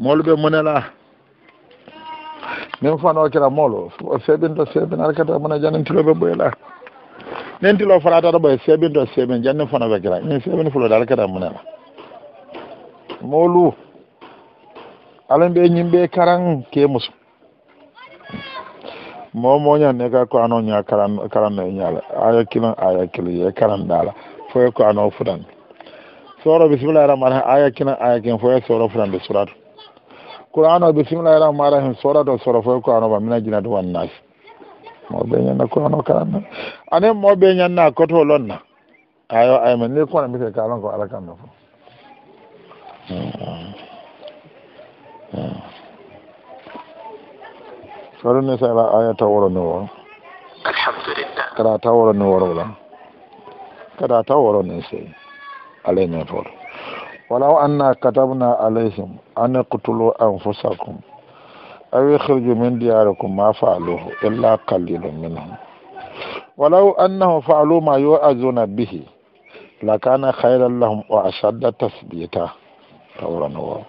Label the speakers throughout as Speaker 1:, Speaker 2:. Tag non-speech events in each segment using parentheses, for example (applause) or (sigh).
Speaker 1: moolu ɓe munela min fano kira moolo seɓinto seɓin arkata mona janintiloɓe ɓoyla nin tilo faratata ɓoye seɓinto seɓin jannin fano ɓe kira min seɓin fulode arkata munela moolu alan ɓe yimɓe karan ke musu momoñan ne ka ko ano ña karan karanno e ñaala aya kilon aya kilo ye karan ɗala foye ko ano fuɗande soro bisimillahi rahmani aya kilan aya kin foye soro fuɗande suratu qur'ano bisimillahi rahmani rahim sorato soro foye qur'ano ba mina jinatu wannasi moɓe ñanna qur'ano karanna anen moɓe ñanna koto lonna ne aymen ni kono mbite kalon ko ala kamno fo ne sa ala aya ta tawroni woro alhamdulillah kada tawroni woro ta kada tawroni sey ala ye ñotoɗo falaw an na katabna alaihim an qutulu anfusakum aw yakhruju min diyarikum ma fa'aluhu illa qalilun minhum walau annahu fa'alu ma yu'azuna bihi lakana khayran lahum wa ashadda tasbita tawran wa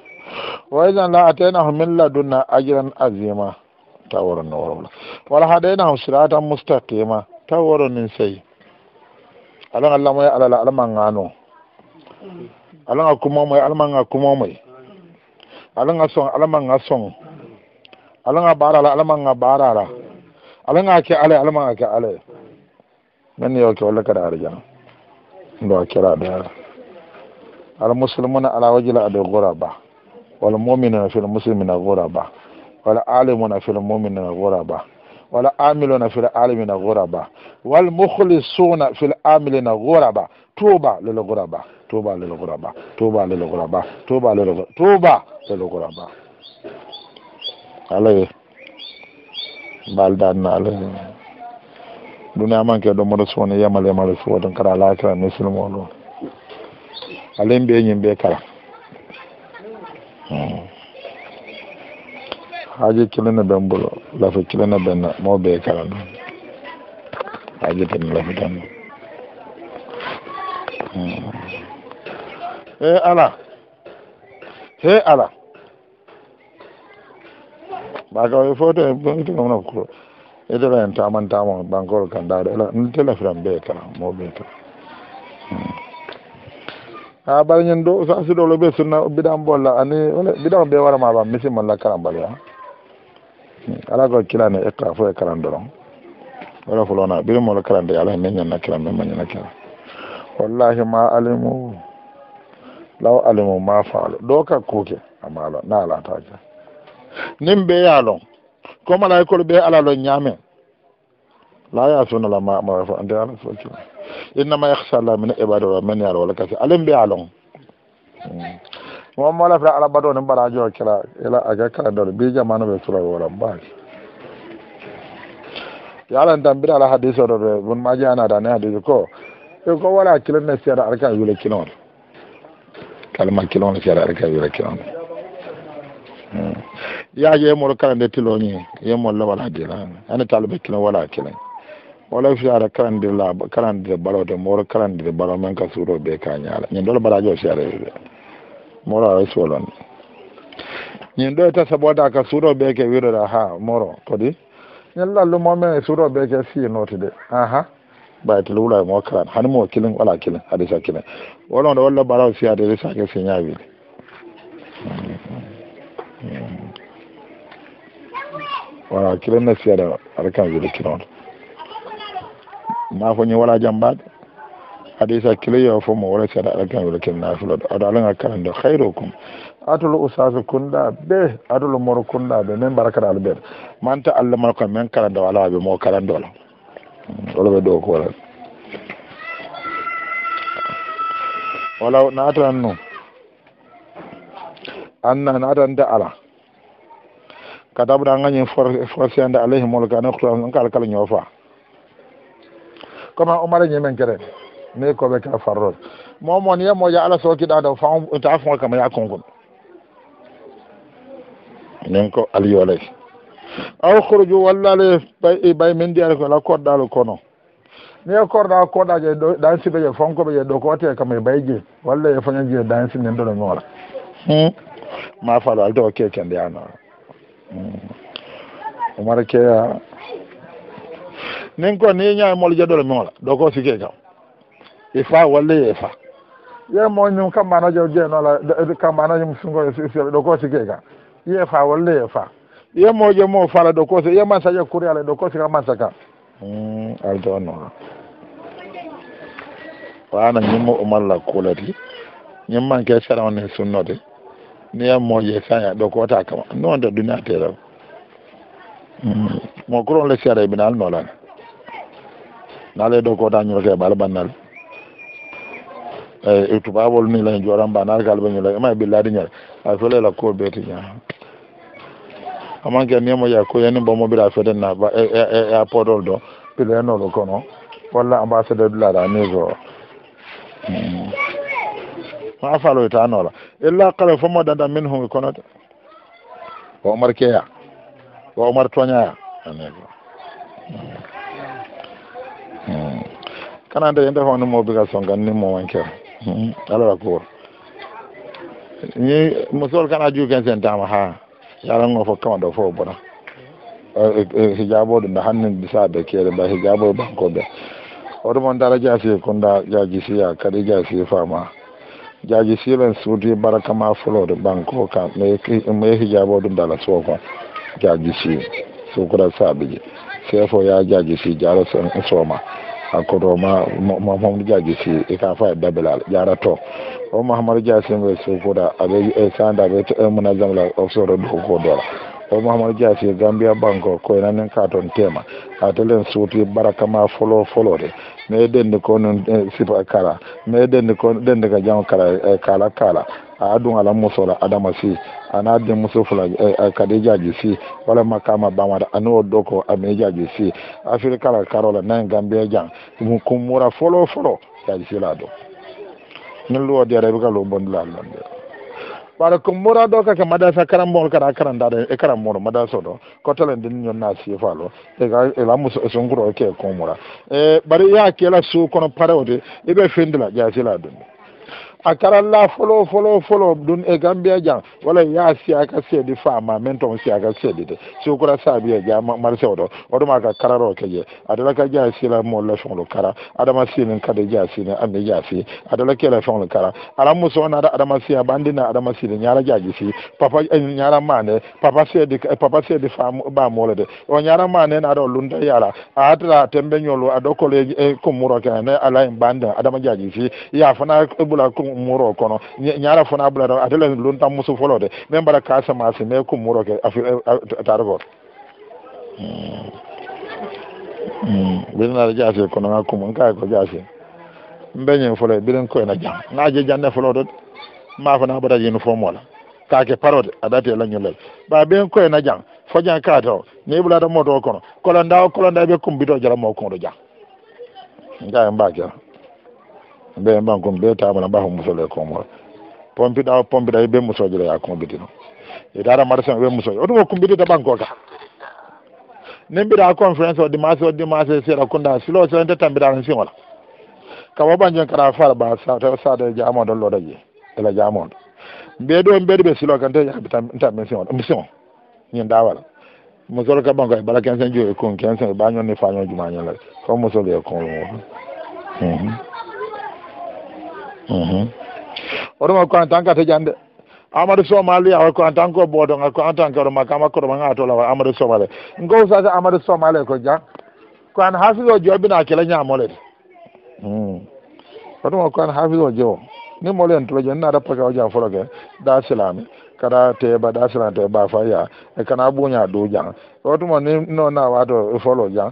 Speaker 1: wa idhan la atainahum min ladunna ajran azima tawran wa wala hadainahum siratan mustaqima tawran sai alan allah mai alala alman gano ala nga kuma mai ala nga kuma mai ala nga son ala nga son ala nga barara ala nga barara ala nga ke ala ala nga ke ala nan yau ke ka da arja ndo kira da al muslimuna ala wajila ad ghuraba wal mu'minuna fil muslimina ghuraba wal alimuna fil mu'minina ghuraba wala amiluna fil alimina ghuraba wal mukhlisuna fil amilina ghuraba tuba lil ghuraba توبة للغرباء توبة للغرباء توبة للغرباء توبة للغرباء عليه بلدان عليه دنيا من كده مرسون يمل يمل سوى دنكر على كلا نسل مولو عليهم بيجين بيكلا haji kilina ben bolo lafi kilina ben na mo be kala no haji ben lafi dan no Hey Allah, hey Allah, ala eh, bakawe foto itogamna kuro itela en taman tama bankoro kandaɗo ela tela firan ɓe kala mo ɓe hmm, kala ha ɓarañen do, sa suɗolo ɓe sunna biɗan bolla ani biɗan ɓe warama ɓan misimmolla karan balya ala ko kilane iqa fo e karan doron wala fulona ɓirimola karande ala ne ñanna kiran men mañana kiran wallahi ma alimu lau alimu ma faalo doka ka kuuke amalo na ala alatake nin ɓe yaalon ko be ala lo nyame la sunu la ma ma fa ande ala so ci inna ma yakhsha la min ibadu wa man yar wala kasi alim hmm. be alon mo mo la fa ala badon ne bara jo kala ila aga kala do bi jamanu be sura wala ba yala ndam bi ala hadiso do bun ma jana da ne hadisi ko ko wala kilan ne sira arkan yule kinon kalma kilon sera arka wira kilon hmm. ya je mo kan de tiloni ye mo wala dira ana talbe kilon wala kilon wala fi ara kan de la kan de balo de mo kan ka suro be ka nyaala nyen dole bara jo sera mo ra solon nyen do ta saboda ka suro be ke wira ha kodi suro be ka si noti de aha uh -huh. baytul wula mo kan han mo kilin wala kilin hadisa kilin wala wala baraw fi hadisa ke sin wala kilin na siyada arkan wili kilon ma fo ni wala jambad hadisa kilin yo fo mo wala siyada arkan kilin na fulo khairukum atulu usasu kunda be atulu mor kunda be men man ta allama kan men kala do ala be mo kala do wala ɓe dow kola wala naatan noon anna naatan da ala katabɗa gañi forcende alayhimol kane kuran kala kala ñoofa comment omara ñimen kere mais koɓe ka farrode momon yemoja ala sokiɗa ɗo fa ta fon kama ya konkoɗo min ko aliyolay aw xuruju wallale bay eh, men ndiyare ko la koddalu kono ni koda koda je dan si beje fonko beje do kote kam e bayje walla e fanya je dan si nendo no ngola hmm ma falo al do ke kende ana hmm umar ke ya nen ko ni nya mol je do no ngola do ko si ke ka ifa e walla e fa ye mo nyum kam bana je je no la kam bana je musungo si si do ko si ke ka ye fa walla e fa yemojo mo fala ɗo kose yemansaja kuri ala ɗo kose ka mansaka hmm, alde on noon wana ñimmo umalla kulati ñimmanke sara one sunnode ni yemmoje saña ɗo kota kama noon de duniya teraw hmm, mo kuron le sara ibina al Na le noolani naale ɗo kota ñurke ɓal bannal e eh, tubabol ni lan joran mba naal kalɓe ñula ima billaɗi ñal a la ko ɓeeti ñaa aman kɛ miɛmɔ ya ko yɛni bɔmɔ bira fɛ dɛ na ba ɛ ɛ apɔ dɔ dɔn pele yɛn nɔlɔ kɔnɔ wala an b'a fɛ dɛ bila la ne sɔrɔ ɔn a falo t'a nɔ la e la kalo fɔ ma da da minnu hɔn kɔnɔ tɛ ɔ marikɛ ya ɔ maritɔnya ya ɛnɛ kɔ ɔn kana dɛ n tɛ fɔ ne mɔ bi ka sɔn ka ne mɔ man kɛ ɔn ala la ko n ye musow kana ju kɛnsɛn d'a ma haa. yaran ofa kama da fo bona eh, eh, eh, hijabo da hannun bisa be kere ba hijabo ba ko da odo mon dara jasi kunda jaji siya kadi jasi fama jaji silen suudi baraka ma fulo do banko ka me me hijabo do dala so ko jaji si su kura sabi sai fo ya jajisi si jaro so ma a hakkoto ma mahamadou diaji gisi e ka fa dabelal jarato o mahamadou dia a sokoda aɓe sanda ɓe munazamla ofsoro ɗo ko dola o mahamadou dia si gambia banque koye nanen ka toon tema ha telen suuti baraka ma folo folode mais ɗenndi ko non sipa kala me ɗenndi ko ɗenndi ka jam kala kala kala a dun ala muso la adama si a n'a den muso fila eh, kadija jisi walima kama bamada a n'o dɔ kɔ aminija jisi afirika la karo la n'a ye ganbiya jan kun mura fɔlɔ fɔlɔ jajisi la dɔn ni lɔ diyara i bɛ ka e lɔ bɔ ni la bari lɔn bara kumbura do kaka madasa karambol kara karanda da e karamoro madasa do kotalen din nyon na si falo e ga e la muso sunguro ke kumbura e, e bari ya ke la kɔnɔ su kono parode e be fendla ja sila dun a kara la fɔlɔ fɔlɔ fɔlɔ don e kan bɛɛ jan wala i y'a si a ka sɛdi fa ma mɛ tɔn si a ka sɛdi dɛ sokura sa bɛ e ja marisɛw dɔ o de ma ka kara dɔ kɛ jɛ a dala ka jaa si la mɔɔ la fɛn kara adama si ni ka di jaa si ni an jaa si a dala kɛ la fɛn kara ala muso na da adama si a b'an di na adama si ni ɲara jaa si papa ɲara e, m'a ne papa sɛdi e, papa sɛdi fa ba mɔɔ la dɛ o ɲara m'a ne na dɔ lunda yala a tɛra a tɛ n bɛ ɲɔlo a dɔ kɔlɔ kumuro kɛ ne ala in ban dɛ adama jaa si y'a fana bula kun muro kono ñara fona bulata atele tam musu folo de min mbaɗa kasamasi me kum muro ke eh, eh, targo hmm. hmm. birnaɗa jaase kono ga kum kay ko jaase mbeñen folo biren koyena jam je jande folo do ma folotode mafana ɓaɗa uniforme ka ke parode adati la ñu lay ba ben ko na jam fo jan kate o ni ɓulata moto o kono kolonda o kolonda ɓe kumbito jara mo ko do jam gaye mbakera mbe bankom be tamana ɓaho musole komo pompiɗa pompiɗa muso musojoɗo ya kumbitino itara marsan ɓe musojo oɗum o kumbitita ɓanko ka bi mbiɗa conférence o dimanche o dimanche seeɗa kunda silo serente tambiɗano siŋola kawa ɓanjen kara far ba sade jamoɗo loɗo je ela jamoɗo mbeɗo mbeɗo ɓe silo kante yaaɓe tambi siŋola mi siŋo ñin dawala musol ka ɓanko e bala quinze joyi kon quinze ɓañonni faño jumañela fo musol e kon hmm. Mm-hmm. oroma kwan tanka te jande amadu somalia wa kwan tanko bodo nga kwan tanka oroma kama koro manga tola wa amadu somalia ngo sa sa amadu somalia ko jang kwan hafi do jobi na kile nya mole mm oroma kwan hafi do jo ni mole ntlo je na rapa ka oja foroke da salam kada te ba da salam te ba fa ya e kana bunya do jang oroma ni no na wa do e follow jang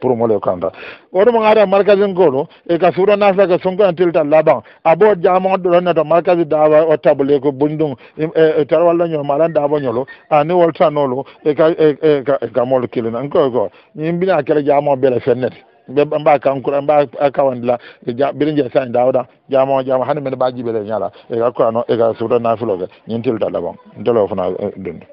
Speaker 1: pour mole kanga oɗo mo ngara markazin goɗo e ka sura suura nasaka sonkoyantilta laban abo jamo do jama ɗoronnata markasi dawa o tabule ko boni e tara walla ñolo maɗan dawa nyolo ani e e ka ka e ka molo kilina nkoy ko yimbina kala jamo bele fennete be mba ka kankura mba sa jamo jamo hanu men sani dawda jama jama hande mene mba jiɓele ñala eka kurano eka suura nafiloke ñintilta laban ntelo na e, dundu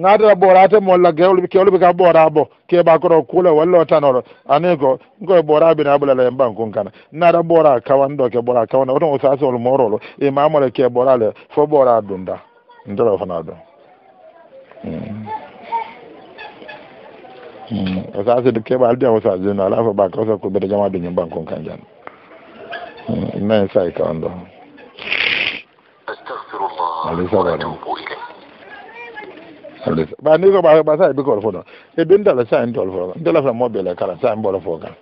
Speaker 1: ŋaatata ɓoora te molla gewol kewol ɓe ka bora bo keɓa koto kuule walla o tanoro ani ko bora ɓoora bina ɓulala en ɓan kun kana bora ɓoora kawanɗo ke ɓoora kawana oton o sasowol morolo imamole e ke bora le fo bora dunda ntoro fana ɗum hmm. o hmm. sasi keɓa aldi o sasi no ala fo ɓa kawsa ko ɓeɗo jama duñum ɓan kun kan jan nayi sayi kawanɗo alay sabaɗum alde ba ni ko ba ba sa bi ko fo do e bin dala sa en tol fo dala fa mo bele kala sa en bolo fo kan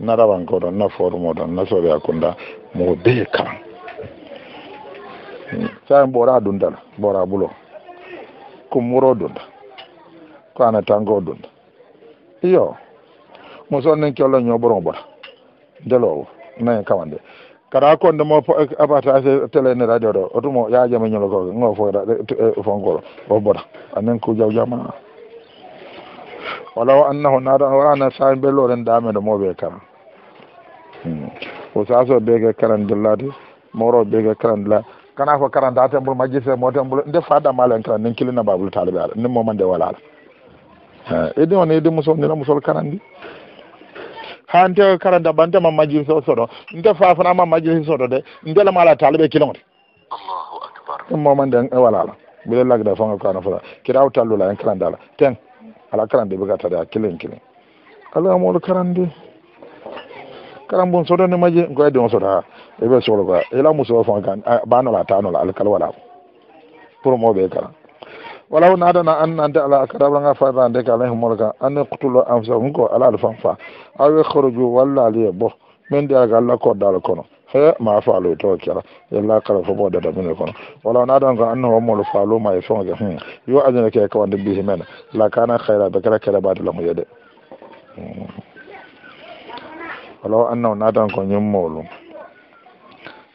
Speaker 1: na rawan ko don na foru mo don na so ya kunda mo be kan sa en bora dun dala bora bulo ko muro dun ko ana tango dun iyo mo so nen kyolo nyo boron bora dalo na en kamande kada konde mo eh, abata tele ne radio ɗo otumo yajama ñolo koke ngo foyra eh, eh, fonkolo o boɗa anen ko jaw jamana walaw annahu naɗan warana sami ɓe loren dameɗo moɓe hmm. karan o saso karan karandillade moro karan karandilla kana ko karanta tembol majjise mo tembol nde fadamalen karan nen kilina babul taliɓe ala nden momande walala idi e on idi e musol nila musol di? hante karanta bante ma majlis o soɗo nte fafana ma majlis soɗo de ndelama ala taliɓe kilomote allahu akbar ɗum momanden e eh, walala mbiɗe lagda fanga kano fota kiraw tallula en karande la ten ala karande ɓe gattade ha kilin kilin ala moɗo karande karam bon soɗone maji ko addi on soɗa eɓe sohlo ko ila musowo fanga kan eh, banola tanola alkala wala pour moɓe kala walaw adana an nante ala akadaɓranga fadande ka alayhi morga ane kutulo anfusahum ko ala alfan fa awe horoju wala aliye bo ala diyalga allah koddala kono he ma faalu to kera yalla kala fo boɗa damine kono wala na ɗon ko anno wommolo faaluma e fewoge hmm yo adana ke ka wande bihi men la kana khaira be kala badu la mu yede hmm. wala annaw na ɗon ko ñimmolum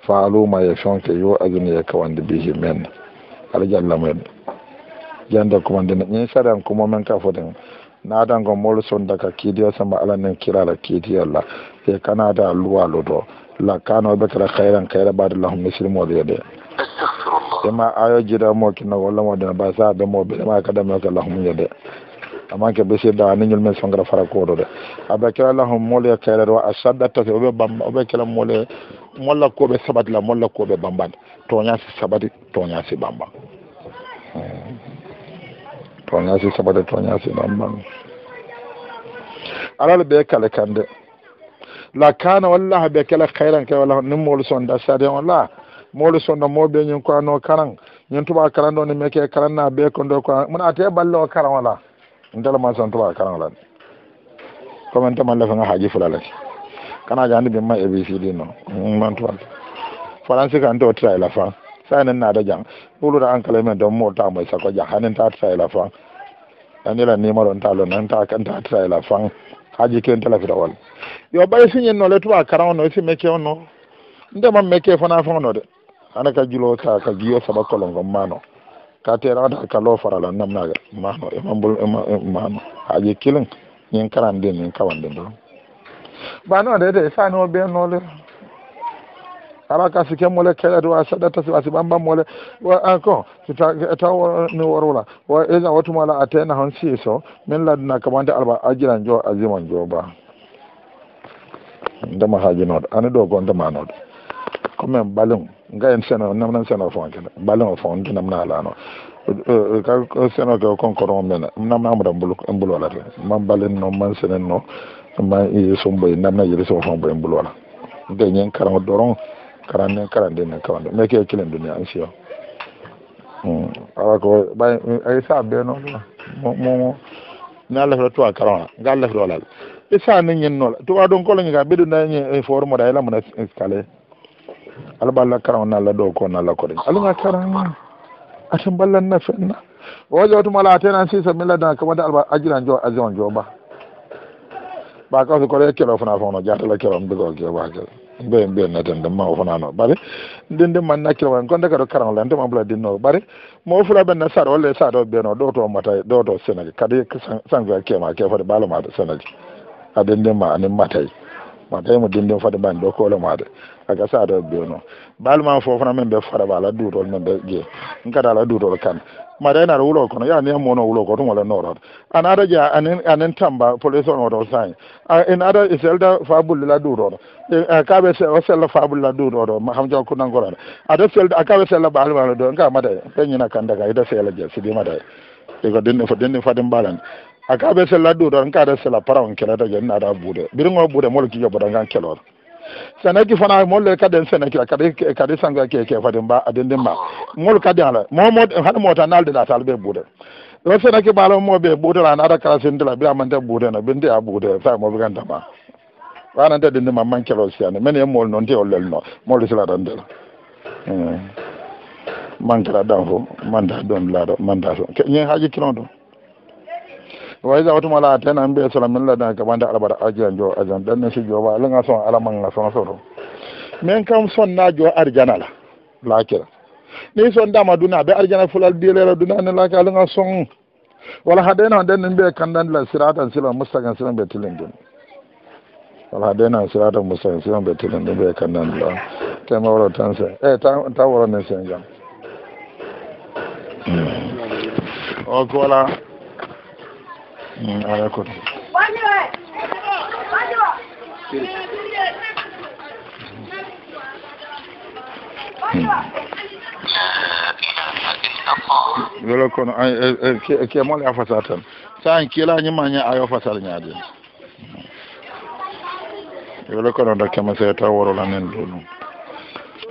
Speaker 1: faaluma e fewke yo adina ye ka wande bihi men ala jallamumen kuma da kumandina ñin saran kuma men ka foten nadango molu daga kiidiyo sama ala la kirala kana da luwa lodo la kano ɓe kara hayran kayra ɓaade lahum misilmoɗo yede ima ayo kina kinnago walla da ba sa ɓe moɓe ima kadameke lahum yede amanke ɓe da ni ñol men songara fara ko de aɓe kira lahum mole khaira wa a saɗɗa tase oɓe bamba oɓe kira mole molla sabat sabatila molla koɓe bambade toñasi sabati toñasi bamba toñasi sabade toñasi ɗamman alal ɓe kale kande la kana wallaha bɛ kɛlɛ hayran ke walla nin moolu sonda sade wala la moolu sonda moɓe ñin n'o karan nyin tuba karan ɗo ni meke karanna ɓe kondo ko mona te balle o karan wala ma san tuba karan wala comme tama lefanga haaji fulalake kana jandi ɓe ma abcd no mm, man tuba faransi kan te o tira e la fa. sanin na sanen naata jang ɗuluɗa ankala men don mool tamoy sako jang hanen taata sayla fan anila numéro ntalo nan ta taata sayla fan haji ken telafita wal yo ɓay siñin no le tuwa karan no si mekke on no ndema mekke fana fan no de ana ka julo ka ka giyo saba kolon ko mano ka terata ka lo farala namnaga mano emambol mano e e haji kilin ñin karanden min kawanden ɗon ɓa no de de sani o ɓe nole ala ka sike mole keɗade wa saɗata si asi ɓamban mole encore ta ni warula wa isa watumala a tena hon siiso min la laduna kamante alba ajiran jo aziman jo ba ndema haajinoɗo ani ɗo go ndemanoɗo quand même balon ngayen seno namnan seno fonkene balon o fon namna alano e, e, ka seno ke konkoron mene namna amuda mbulolate man balen no man senen no ma sumboy namna yeli so fon boy mbulola nde ñen karan doron karanden karanden na kawande mais ke kilin duniya an siyo hmm. ala ko bay ai eh, sa be no mo mo na la to karon ga la do la isa ni nyen no to wa don kolon la ga bedu na nyen eh, for mo da la mo na skale ala balla na la do ko na la ko de ala ga karon atan ballan na fenna waje wata malata yana sai sa mila da kamar da alba jiwa jo ajiran jo ba ba kawai su kore kero funa funa ja ta la kero ba ke mbe mbe naten ɗum ma o fonano bare nden nden man nakkilo wan gonde kadi karan lan ndema bula dinnowo bare mo fula ɓen na saɗa walla saɗa o ɓeeno ɗo mata ɗo to kadi sanvia kema ke fode ɓaalomade sénégal aɗen ndema matay matay mo aga fo fana min ɓe faɗaɓa ala duto min ɓe je nkada ala kan maɗa ena wulo kono yani hen mono wulo ko tum walla norot an aɗa jaa anin anin tamba police on oto sañ in aɗa selda fa akaɓe eh, eh, o sella fabulla ndun Ma xam jon ko nangorade aɗa selde akaɓe sella baalmano ɗo nga madaye peñina kan daga ida seela je sidi madaye ɗiko ɗinɗi fo ɗinɗi fadim mbalani akaɓe sella ɗu ɗon kaɗa sella para on je naɗa buuɗe ɓirigo buuɗe molki yoɓoɗo ngan keloɗo seneki fana molle kaden senekila kadi kadi sanga keke fadin ba adindin momo mota ɓe ɗo seneki naɗa a buuɗe sa waranta ɗinde eh. ma manquelo siyani min e mool noon te o lelno moole silatan ndel manquera ɗan fo manda ɗon laaɗo manda so ke ñin haaji kilon ɗon waysa watuma la tena mbiye sola min ladan ka wande alabaɗa arjan jo arjan ɗanne si joba alaga son so so do men kam son na jo arjana la la laakira ni son da ma duna be arjana fulal di lela duna dilela la ka alaga son wala hadena den ɗanne kandan la siratan sila mustagan sila mbiye tilingin wala dena sirata musan siman ɓe tilinde ɓe kannan ɗo tema woro tan se e ta worone ne jam o ko wala ala koto welo kono kemole a fasa tan sa en kiilañimaña ayo fasal ñaade yole konoto keme see ta worola la ne ɗum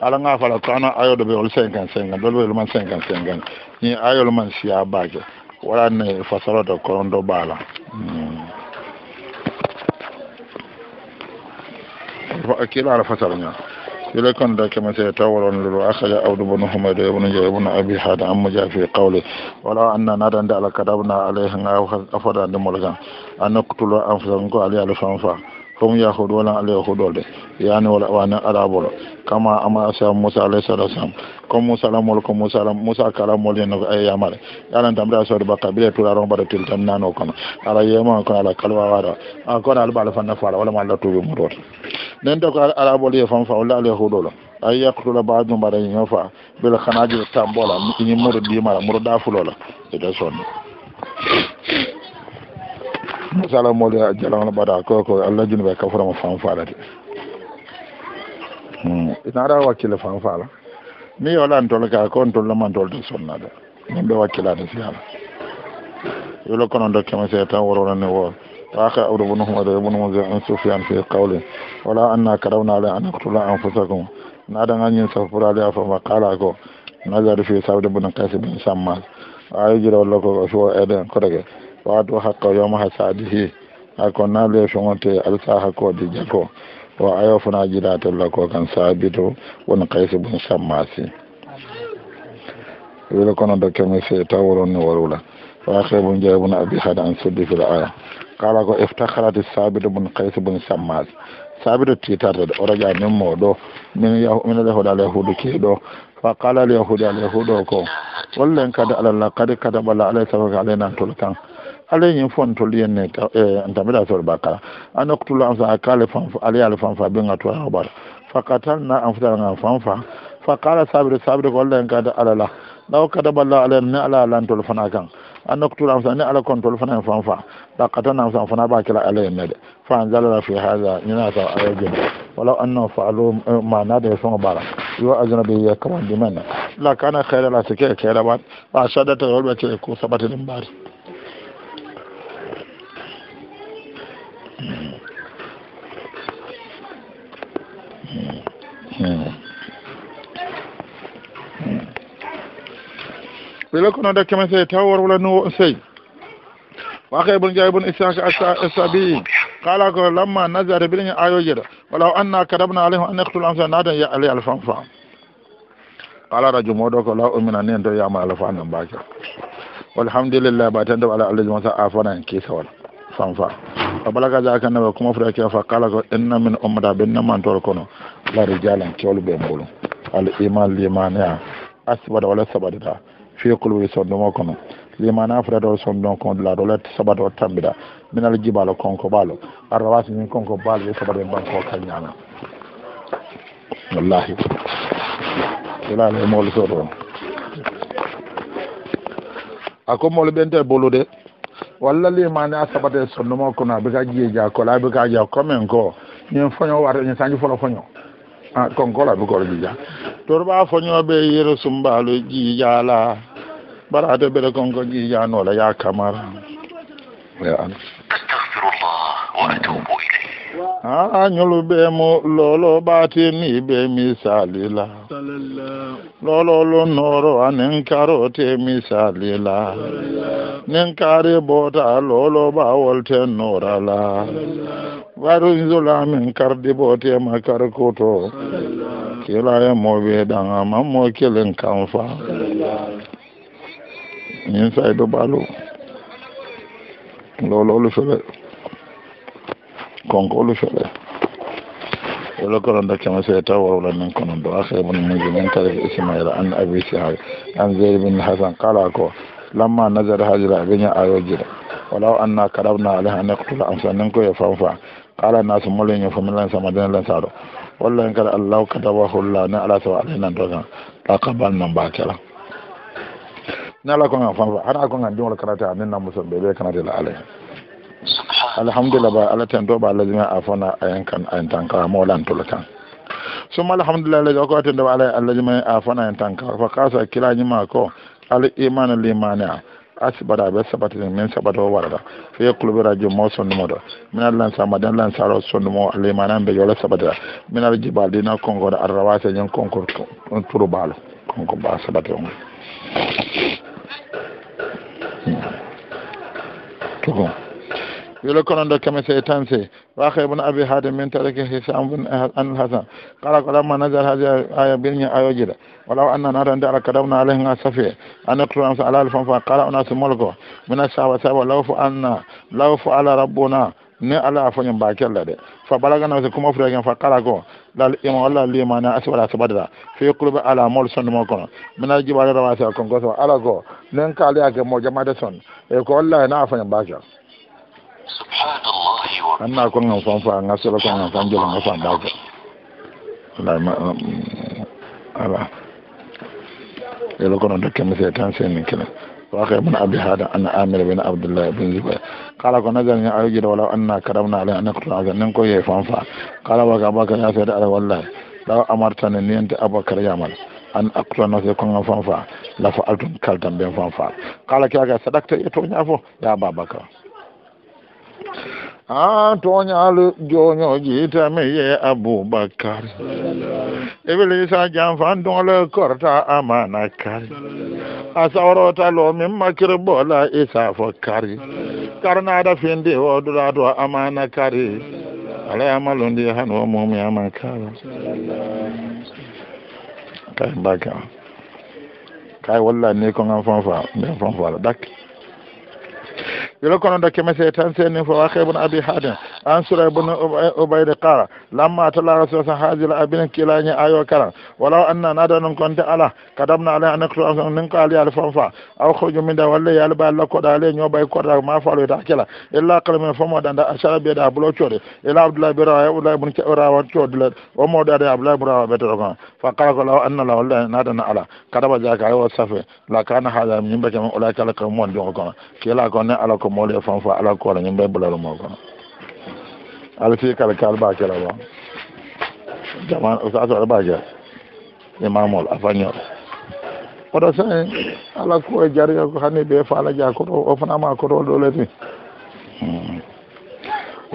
Speaker 1: ala nga fala kano ayoɗo ɓe ol cinquante cinquante ɗol ɓeɗo man cinquante cinquante ñi ayol man siya baake waɗanne fasaroto koronto baala hmm. kila ala fasara ña yole konoto keme see taw woron lulu akhaja abdou bonu humaydo ibnu jey ibnu abi hada an muja fi qawle wala anna natande ala kadabna alayha nga afodande mol kan an nokkutulo anfusa ko ali ala hum yahuduna ala yahudode yani wala wani arabolo kama ama asa musa alayhi salatu wasalam musa la mol ko musa la musa kala mol en ko ay yamare yalan tambe aso de bakka bile tula ron bada til tan nano kono ala yema ko ala kalwa wada a ko al bala fa fala wala ma la tubi mo dot den to ko arabolo ye fam fa wala ala yahudola ay yaqtula ba'dun bada yin fa bil khanajir tambola ni mo di mara mo da fulola ida sonni misala moolu ye a jalaŋono bata ko ko alla junube kafurama faŋ faala te hmm, inaara da faŋ faala mi yo lan tol ka ko ntol lamantol te sonna de min ɓe wakkilade siyala yolo kononto keme see tan wororani woor وآخر أبو بن محمد بن مزيع عن سفيان في قوله ولا أن كرمنا على أن نقتل أنفسكم نادى أن ينسفر عليها فما قال أكو نظر في سعود بن قيس بن سماس أيجر الله كو أشوى ko كرجل wato hakka yawma hasadihi ako naɓe feŋote alsa hakkode jako o ayo fona jiratella ko kan sabito woni kaysi bun sammasi wele kono da kemi se tawronni worula waake bun jeya bun abi hada an suddi fil aya kala ko iftaharati sabito bun kaysi bun sammasi sabito titarta da oraja min mo ɗo min min lehuɗo ala yahudu keɗo fa kala al yahudu al yahudu o ko wallen kadi alallah kadi bala alah sabaka alaynan tol kan ala yin fon to liyen ne ka eh, ntamira sor bakara ana kutula amsa k'ale fan ale ala fan fa bin atwa habar fakatal na amfuta na fan fa fakala sabiri sabri ko len ala alala law kada balla ala ne ala lan tol fana kan ana kutula amsa ne ala kontol fana fan fa da kata eh, na amsa fana ba kila ala yin ne fa anzalala fi hadha yana ta ayajin walau annahu fa'alu ma nada yasun bala yo ajnabi ya kawan dimana la kana khayra la sike khayra ba ba shadata walba ce ko sabatin bari bile kono da keme sey taw war wala nu sey waxe bun jay bun ishaq asabi qala ko lamma nazara bilin ayo jeda wala anna karabna alaihi an yaqtul amsa nadan ya ali al fanfa qala rajul modo ko la umina nen do yama al fanan baka walhamdulillah ba tan da ala wa sallam afana ke sawal fanfa a balaga ja kan kuma fura ke fa kala ko inna min ummata bin nan kono la be mbulu al iman asbada wala fi sondomo kono limana fura do sondon kon la do let tambida min al balo min balo be kanyana wallahi ila le mol bente bolude walla limani a sabata e sonnumo kono aɓe ka jeeja kola aɓe ka ja commen ko ñin foño wata ñin sañi folo foño ah, konkola aɓe kolo jija torɓa foñoɓe yero sumbaalo jiijala barate ɓeɗe konko jiijanola ya kamara ya ala astahfirullah wa atubu a nyolu be mo lolo ti mi bɛ misali la lolo lo noro anen karo ti misali la nen kare bota lolo ba wolte nora la waru nzola min kardi bote makar koto kila ya mɔ be dan amma kelen kanfa yin sai do balo lolo lo fele konkolu fele wala koronta kema seeta wawla min konon do akhir bun mujmin tarif ismaila an abi sihab an zayd bin hasan qala ko lamma nazara hajira abenya ayojira walaw anna karabna wala an yaqtula amsanin ko ya fanfa qala nas mulin ya familan samadan lan saro la kar allah katabahu allah na ala sawa alaina doga taqabal nan bakira na la ko fanfa ana ko ngan dole karata nan musan bebe kanata la alhamdulillah ba ala tan to ba ala jina afona ayan kan ayan tan ka molan to kan so ma alhamdulillah la ko tan da ala ala jina afona ayan tan ka fa kasa kila ni ma ko al iman al imana asbara ba sabata min sabato warada fe yakulu radio mo sondumo do min al lan sama dan lan saro mo al imana be yola sabata min al jibal dina kongo da arrawase nyen konko turu balo konko ba sabata on tugon يقول كنون كما سيتانسي واخي ابن ابي هادم من ترك هشام بن عن الحسن قال لما نزل هذه الايه بين ايوجل ولو ان نارا دار كدمنا عليهم سفيه ان كرم على الفم فقال اناس ملكه من الساعه سبع لو فعلنا لو فعل ربنا ne ala a foñin bakel la de fa balaga na kuma fura gen fa kala ko lal ima wala lima na asbara sabadra fi qulba ala mol son mo kono mina jibala rawasa kon ko ala ko nen mo e ko wala na a foñin bakel an na kwan nan fanfa an asala kwan nan fanfa an asala kwan nan fanfa an asala ala yalla kono da kemi sai tan sai min kene wa khair min abi hada an amira bin abdullah bin zubair kala ko nagan ya ayyida wala anna karamna ala an nakra ga nan ko yayi fanfa kala wa ga baka ya sai da ala wallahi da amarta ne ne da abakar ya mal an akra na sai kon fanfa la fa altum kal fanfa kala kiya ga sadakta ya to nyafo ya babaka atụ onye alụ gị onye oji itameye abubakar ibilisa janfan dole korta amana kari asawarota lomi makir bola isafo kari karna da finde wodula to amana kari ala yamalon di na mum yaman kara kai baka kai wallahi ne kon an fanfa ne fanfa yolo kono do kemese e tanseni fo akhe bun abi hadin an sura ibn ubayd qara lamma tala rasul sa hadil abin kilani ayo kala wala anna nadan kon ta ala kadabna ala an qur'an nin ka ali al fanfa aw khuju min da walla ya alba lako da le nyoba ko da ma falo ta kala illa qalam fo mo da bulo da da abdullah bin rawa beto ko fa qala qala anna la ko ne ala ko moolu ye fan fo ala koola ñiŋ be bulala moo kono ala fii kala kaali baa kela ba jaman saaso ala baa jaa imamoolu a fañooro oto sayi ala ko e ko hani ɓe fa ala jaa koto o fanama kotol ɗo leti hmm.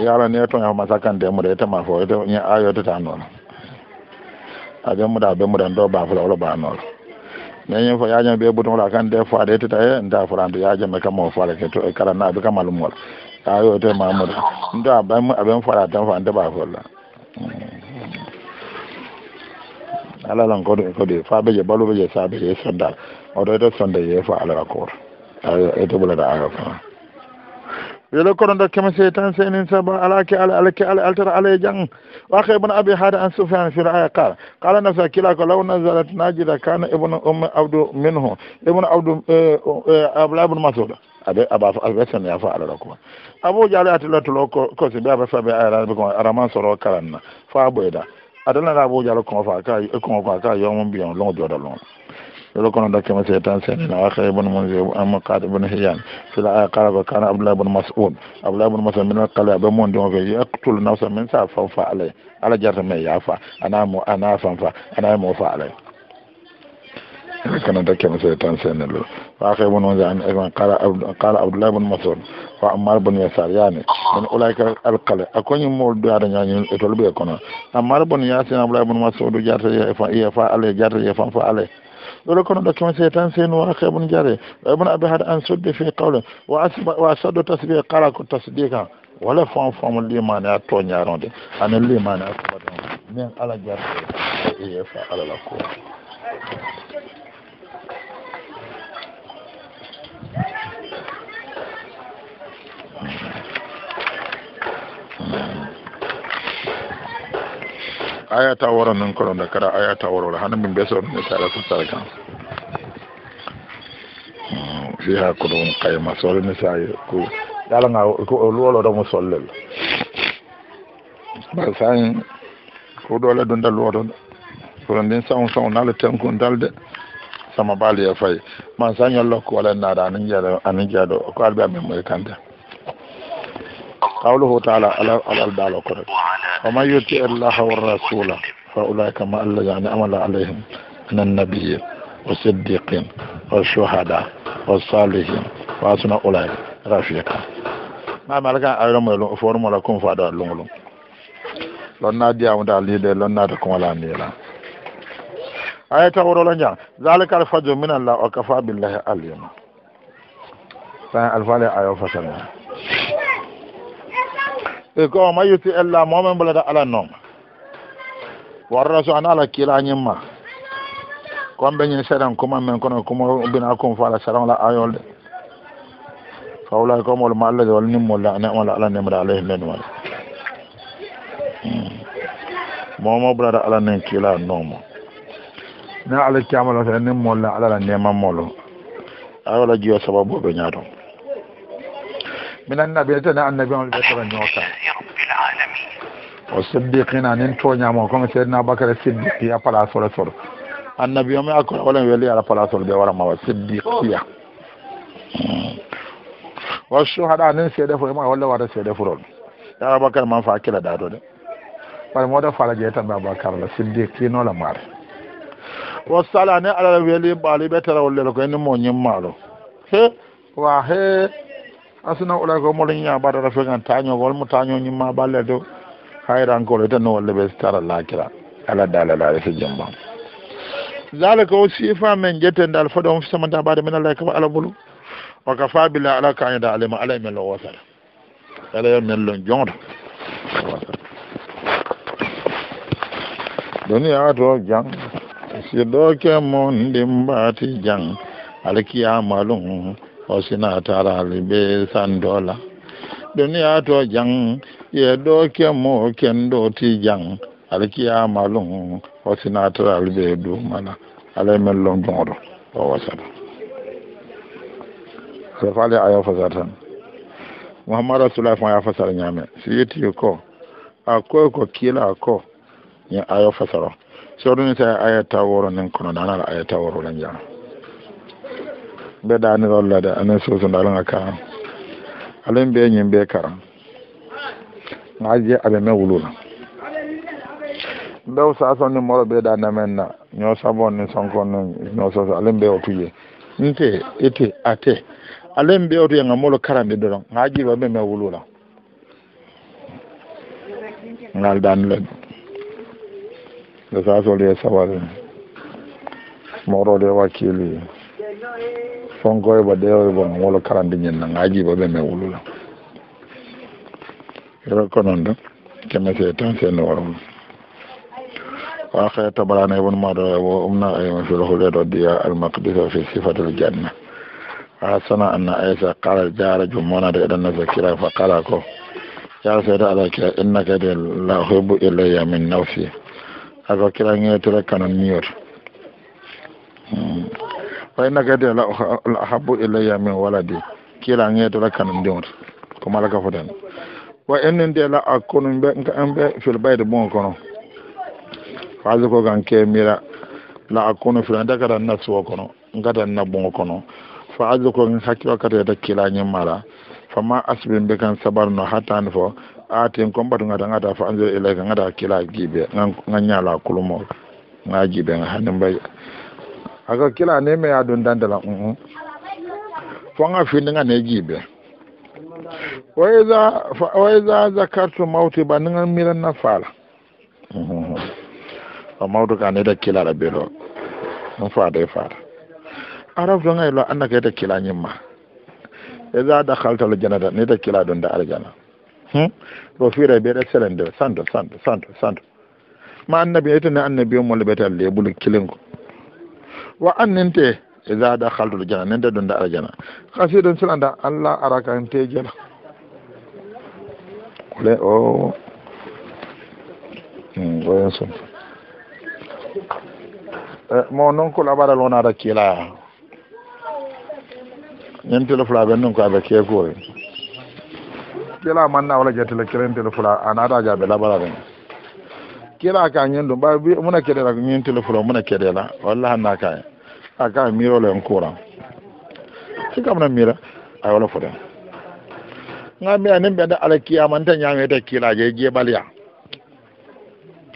Speaker 1: yala ni toña foma sakkante muɗa ittama fo ñe ayotita noola a ɓe muɗa ɓe muɗan ɗo baa fula wala b'a noola ñañin fo yajame ɓe ɓutum la kan de fois de tita e nta foranto yajame ka mo fala ke to e kala naɓe kam alumol ayo te mamoudou nto aɓen fala tan fa nte ɓa la hmm. ala lan ko de fa be je be je be je sondal do eto sonde ye fo alawa koto ayo e bula da ala fana yele kono ɗo tan seytan senin saba ala alake ala alake ala altata alaye jang waka ibne abi hada an sufian fil aya qala qala nafsa kila ko law nazalat najida kana ibne umme abdou minhu ibne abdou eh, eh, abla ibne masouda aɓe aba aɓe sene yafa alaɗa kuma abou dialo ati lottulo kosi ɓe aɓa faɓe ayraɓe ko araman soro kalanna fa ɓoyda adanata abou dialo kon fa ka kon ka ka yomum mbiyon longo joɗa longo لكن هناك دك مسيح تنسين آخر ابن منزي أم قاد ابن هيان في الآية قال كان عبد الله بن مسعود عبد الله بن مسعود من القلاء بمون دون في يقتل نفسا من فوفا عليه على جرس ما يعفى أنا مو أنا فنفا أنا مو فعليه كان هناك مسيح سنين له وآخر ابن منذر قال قال عبد الله بن مسعود fa بن يسار يعني من أولئك ulayka أكون يمول دوار يعني nyani etol be kono ammar bon yasar abdullah bon masudu jarta ya fa dole kono ɗo kema seytan seynu waka ibne jare ibne abi had an sudde fi qawle wa saddo tasbiha kala ko tasdika wala fon fomo limane a toñaronde ana limane a kuɓata on min ala jarte iye fa alala ko Thank you. aya ta wara nan koron da kara aya ta wara hanin min beso ne tare su tare kan fi ha koron kai ma sore ne sai ko dala nga ko lolo do mo sollel ba sai ko dole don da lolo koron din sawun sawun na le tankun dalde sama bali ya fay man sanyo lokko wala da anin jado anin jado ko alba men moy kanta قوله تعالى على البال وكرب ومن يطع الله والرسول فأولئك ما الذين أمل عليهم من النبي والصديقين والشهداء والصالحين وحسن أولئك رفيقا ما مالك أيرم يلون فورم ولا كون فادا لون لون نادي أمد علي ده لون نادي كم ولا نيلا آية تقول لنا ذلك الفجر من الله وكفى بالله اليوم فالفالي آية فسرنا ko ma yuti ella momen bala da ala non warra so an ala kila nyimma kon be nyin sedan kuma men kono kuma bina kun fa ala salam la ayol de fa ulai ko mol ma de wal nim wala ana wala ala nim da alayhi min wala momo hmm. bala da ala nin kila nomo na ala kyamala nim wala ala nema nim mamolo ayola jiyo sababu be nyaato من النبي تنا النبي من بيت النوكا والصديقين أن تونيا موكم سيدنا بكر الصديقية فلا صلى صلى النبي يوم أكل ولا يولي على فلا صلى بورا ما الصديقية والشهداء أن سيدنا فرما ولا ورا سيدنا فرول يا بكر ما فاكر دارو ده فالمودة فلجيتا بكر الصديقين ولا مار wasala ne ala weli bali betara wolle ko en mo nyimmalo he wa he asina ula ko molin ya bada da fegan tanyo gol mu tanyo ni ma balle do hayran ko le tan wala be stara kira ala la ya jamba zalika sifa men jeten dal fodo mo sama da bada men Allah ka ala bulu wa kafa bila ala ka da alima ala men lo wasala ala ya men lon doni duniya do jang si do ke mon dimbati jang alkiya malum o sina tarali ɓe sandola ɗen ya to jang ye ɗo kemo ken ɗo ti jang ala kiyamalum o sina tarali ɓe ɗumana alay men lon dongoɗo o wasata so fale ayo fasata tan mouhamad rasulah fon ya fasara ñaame si yetti ko a koy ko kiila ko ñi ayo fasaro sodoni sa aya taworo nin kono nanala aya taworo lan jaa bɛ da ni la da anan so sun dalin aka alin be yin be kara na je abe me wulula ndaw sa son ni bɛ be da na na nyo sabon ni son kon ni nyo so alin be otuye nte ete ate alin be otuye ngamolo karambe doron na je ba be me wulula ngal dan le da sa so le sawari moro de wakili fonko yi ba da yawai ba na wala karan din yin nan aji ba bai mai wulu la yau ko non da ke mai sai tan sai no wa ka ta bala ne bun ma da wa umna ay ma fi ruhul da diya al maqdisa fi sifatul janna a sana anna aisa qala jara jumana na idan kira fa kala ko ya sai da alaka innaka da la hubu ilayya min ko kira ne tura kanan niyar hmm. way nagade ala ahabu ilayya min waladi kila ŋedola kanum diŋoto comme ala ka foten wa inni nde la akonumɓe gaɓe filbayde bon kono haali ko gan ke mira la akonu fila nde gada nasuwo kono gada nabuŋo kono fa aji ko gan hakkilo katayeta kilañin mara fama asibinɓe kan sabarno hattani fo atin kom batu gata gata fa anjiro ilay ka gata kila jiɓe ga ñala kulumo ga jiɓe ga hanimbay aga kila ne me ya don dandala mm fanga fini nga ne gibe waiza waiza zakartu mauti baninga miran na fala o mm-hmm. mautu ka ne da kila da belo mun fa da fa arab don ai lo annaka da kila nyimma idza dakhalta aljannata ne da kila don da aljanna hmm ro fira be da selende santo santo santo santo ma annabi ita ne annabi mun lebeta lebul kilin ko wa anninte da khaldul jana ninte ɗum da aljana hasidon silanda allah arakante jela le o hmm, oyen son eh, mo noon ko da kila kiilaya tilo fula ɓen ɗum ko aɓe keekure kila manna wala jettele tilo fula a naata jaɓe laɓara ben kira ka nyen do ba bi muna kede la nyen telefono muna kede la wallahi na ka aka miro le nkura kika muna mira ay wala fodan nga mi anen be da ala kiyama tan nyaame ta kila je je balya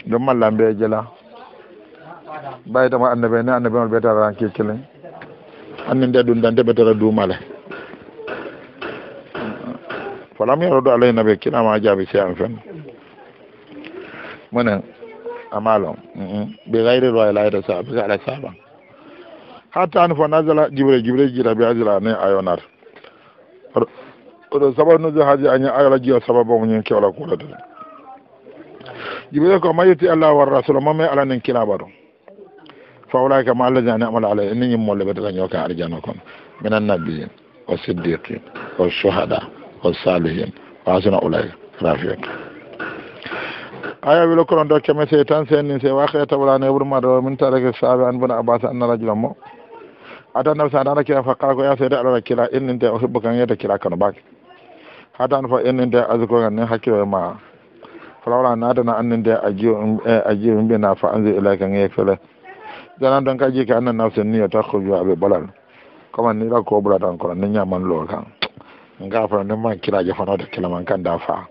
Speaker 1: do mallambe je la bay tama annabe ne annabe be ta ran ke kelen annin da dun dan da betara du mala falam yaro do alay nabe kira ma jabi sai an fen mune amalon mm-hmm. bi gayri ruwa ila da sa bi ala saban hatta an fa nazala jibril jibril jira bi azra ne yonar. oɗo sababu nuzul haaji aña ala jiya sababu mo ñin kewla kuulade jibril ko ma yetti allah wa rasul mame ala nen kilaba ɗo ka ma allah jani amala alay ni ñim molle ɓe taño kan arjana kon min annabiyin wa siddiqin wa shuhada wa salihin wa hasuna ulayka rafiqa aya wilo do keme sey tan wa sey waxe ne burma do min ke sahabi an bun abasa an rajulan mo ata na sa dana kira fa kala ko ya sey da ala kila inninte o hibbu kan yeda kila kano baki na fa inninte azuko kan ne hakkilo e ma falawla natana anninde ajiyo um, e, ajiyo na fa anzi ilayka ngi fele janan don ji ka sen ni ya ta khuju abi balal kuma ni la ko bula dan ko ni man lo kan nga fa ne man kila je fa no da kila man kan da fa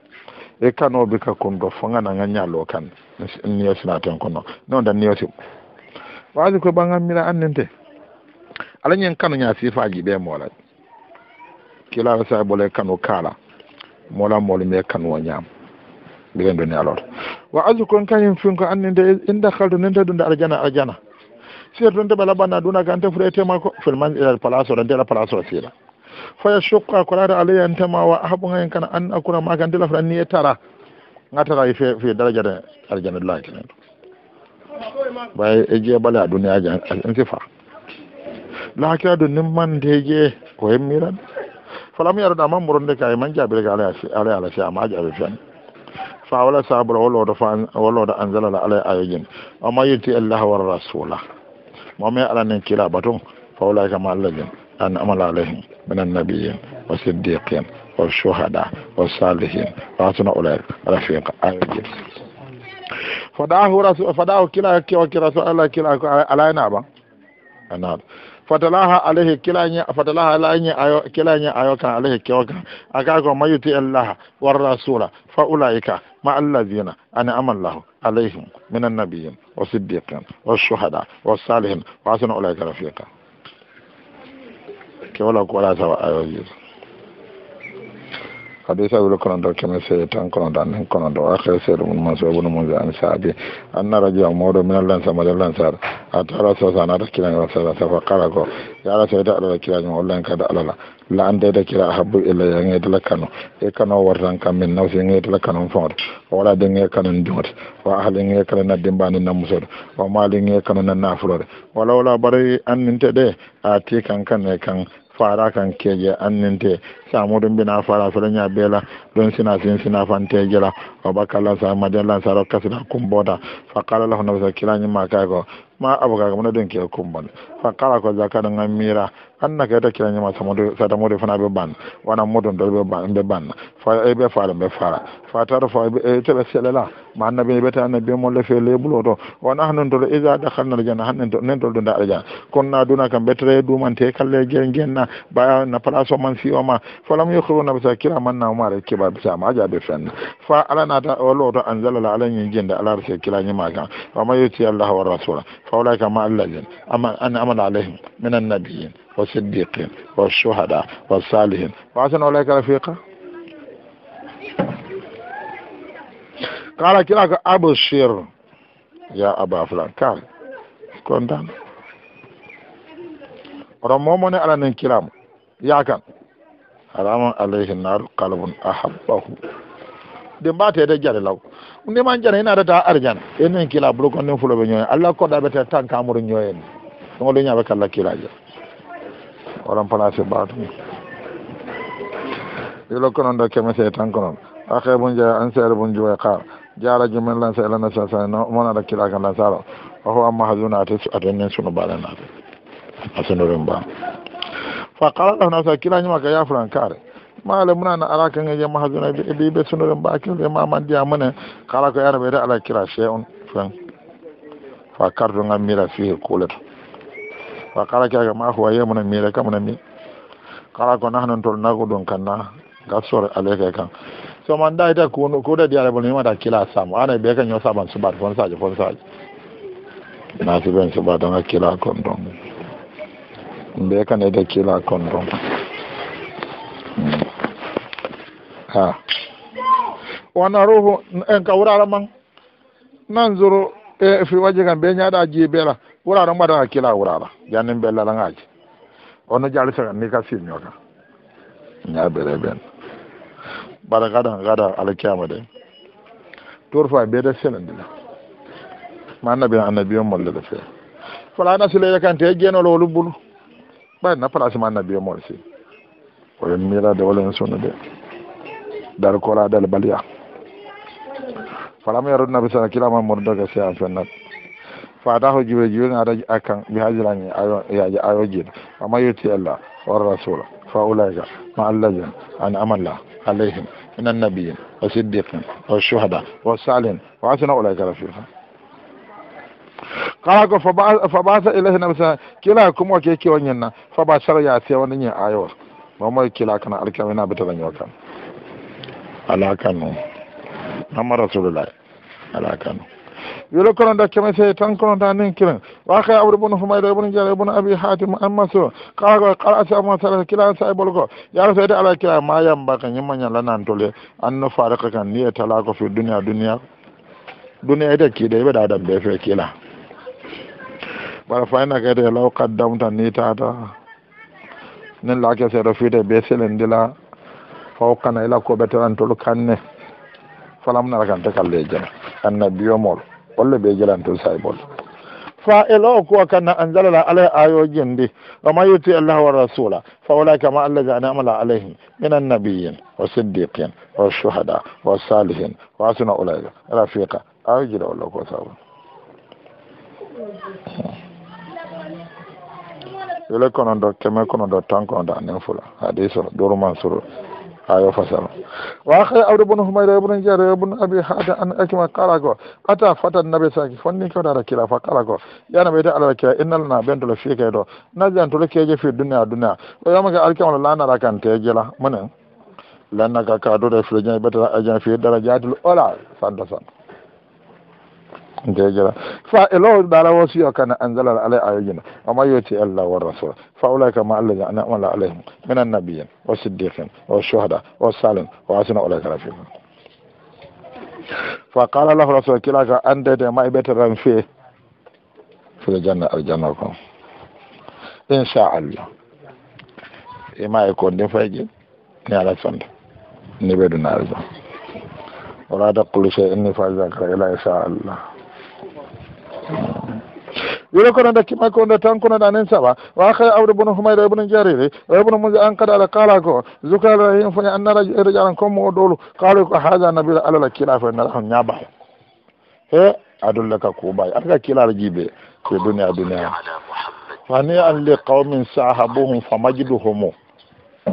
Speaker 1: e kano bi ka kundo fanga na nganya lokan kan niyo sina ton kono non da niyo wa wazi ko banga mira annente ala nyen kanu nya faji be mola kila sa bole kanu kala mola mola me kanu nyam bigen do ni alor wa azu kon fun ko anninde inda khaldu nenta dunda aljana aljana sir don bala bana duna kan te fure te ko filman ila eh, palaso dunda ila palaso sira faya shukka kurada alayya ntama wa ahabu hayan kana an akura ma kan dilafra ni tara tara fe fe daraja da arjana lillahi ta'ala bai eje bala duniya ga e e an sifa la kira do nim man deje ko miran falam yarda man muron da kay man jabil ga ala ala ala sha ma jabil fiyan fa wala sabra wala da fan wala da anzala la ala ayyin amma yuti allah war rasula mu ala nin kila batun fa wala kama allah an amala alaihim من النبيين والصديقين والشهداء والصالحين واتنا اولئك رفيق امين فداه رسول فداه كلا كلا كلا كلا كلا كلا فتلاها عليه كلاني فتلاها لاني عليه كيوكا اكاكو ما يتي الله والرسول فاولئك مع الذين انا ام الله عليهم من النبيين والصديقين والشهداء والصالحين واسن اولئك رفيقا wala ko wala sawa ayoji hadisa kono kononto keme seeɗe tan kononto kono kononto akhir seeɗo dum ma so bonu mo an saabi anna radio mawɗo minal lansa maɗo lansar a tara sosan ata kiraño sala safa kala ko ala soyde alala kiraño ka da alala la da kira ya ngi ŋeydela kanu e kano wartan kam min ngi ŋeydela kanu fawde wala de ngi kanu jumote wa ahli ngi kala na dimbani nammusoɗo wa mali ngi kanu na nafulode wala wala bara te de a ti kan kan e kan fara kan keje samu rumbi n'a fara feɗoña bela don sina sin sina fantejela o bakkalla sa majallan saro kasira kumbota fa kala la nabi sa kilañima kay ko ma abokaka mona ɗon kiya kumbal fa kala ko zakar nga mira ta annaka yeta sata mudu fana bi ban wana muɗum ɗol bi ban ɓe ban fa ɓe fara ɓe fara fa ta fa teɓe seɗela ma annabi ɓeta annabi le fe lebulo to wona hanon toro isa dahalnal jana hanen nen tolɗo nda aljana konna duna kam ɓetere dumante kalle gue gen gen na place o man fi lam yukhru na bisa kira manna umare kiba ja be fen fa ala da o loto anzalala alañi jinde ala ma ga fa ma yuti allah wa rasula fawlayka ma amma an amala alaihim min annabiyin wa siddiqin wa shuhada wa salihin wasana olayka rafiqa kala kira ka abu abshir ya aba fulan kan kontan oɗon ne ala nin nen kirama yakan haraman alayhi nar kalbun ahabbahu ɗin mbatede jare law ndiman jana ina adata arjana enen kila bulu kon nen fuloɓe ñoyen allah koɗaɓete tan kamuru ñoyen ɗogoɗo ñaɓe kalla kilaja oɗon place batum ilo konon ɗo keme se tan konon akhe bun jeya an seere bun juwa qala jara jumen lan sa elana sa sa na mona da kira kan lansara wa huwa amma hazuna ta su adannin sunu balan na a sunurin ba fa qala lahu nasa kira ni maka ya frankare mala muna na alakan ya mahazuna bi be sunurin ba kin ma man dia mana kala ko ya rabe da ala kira shay'un fan fa kardu ngam mira fi kulat fa kala ka ga ma huwa ya mun mira kam na mi kala ko nahnu tol nagudun don kanna gasore alaka kan so man da ita ko ko da diare bol ma da kila samu ana be kan yo saban su ba fon saje fon saje na su ben su ba da na kila kon don be kan da kila kon hmm. ha wana ruhu en ka wurara man nan zuru e fi waje kan be nyaada ji bela wurara ma da kila wurara janin bela la ngaji ono jalisa ni ka sin nyoka nya bere ben bara gadan gada alkiyama de torfa beda senandila ma annabi annabiyon mollede fe fala na sileyde kante jeenolo wolu bulu ɓay na place ma annabiyo mol si oyen mirade olen de dar kola dal baliya falama yarudu nabi sana kilama mordoga si an fennat fataho jibre na ada akan bi hajira hajirani ayo yaji ayo jin amma yuti allah war rasula fa ulaika ma Allah an amalla alaihim من النبيين والصديقين والشهداء والصالحين وحسن أولئك رفيقا kala fabasa ilahi na bisa kila kuma ke ke wannan nan fa ba shar ya sai wani yin ayo ba mai kila kana na na yolo kono da keme se tan kono da nin kiran wa kai abru bunu huma da bunu jare bunu abi hatim amma so ka ga qala sa amma sala kila sa e bol ko ya sa da ala kila ma yam ba kan yimma nyala nan tole an no fara kan ni tala ko fi duniya duniya dunya da ke da ba da dan be fe kila bara fayna ga da law qaddamta ni ta ta nin la ke se do fi be selen dila faw kana ila ko betan tan tolu kanne falam na kan ta kalle jana annabiyo mol wolle ɓe jelanto saybol fa ila o kuwa kanna anzalala alay ayojin ndi wama yuti allah wa rasula fa ulaika ma allahi anamala alayhim min annabiyin wa siddiqin wa shuhada wa salihin wa asuna ulaika rafiqa ayojiɗa olla ko sabu ele kono ɗo keme kono ɗo tan kono ɗo anen fula hadis ɗoruman suru ayo fasara wa akhay awde bono humayra ibn jara ibn abi hada an akima kala ata fatan nabi saki fanni ko dara kila fa kala ya nabi da ala innal na bendo la fike do na jan to keje fi dunya dunya o yama ga alkama la na rakan te jela manen lan naka ka do da fi jan betara ajan fi darajatul ola santa gejera fa elo dara wasi kana anzala ala ayina amma yau yati allah wa rasul fa ulaika ma allazi an'ama alaihim minan nabiyyin wasiddiqin washuhada wasalin wa asna ulaika rafiqun fa qala lahu rasul kilaka anda da ma ibata ran fi fi janna aljanna ko insha allah ima e kon din fayje ni ala sonde ni be dun aljanna wala taqulu shay'in fa zaka ila insha allah wuro kono da kima ko da tan kuna da nan saba wa ka abdu bin humayra ibn jarir ibn muz an kada ala qala ko zukara yin fa anna rajalan kum wa dulu qalu ko hada nabi ala kilafa na han nyaba he adullaka ko bay arka kilar jibe ko duniya duniya ni an li qaumin sahabuhum famajduhum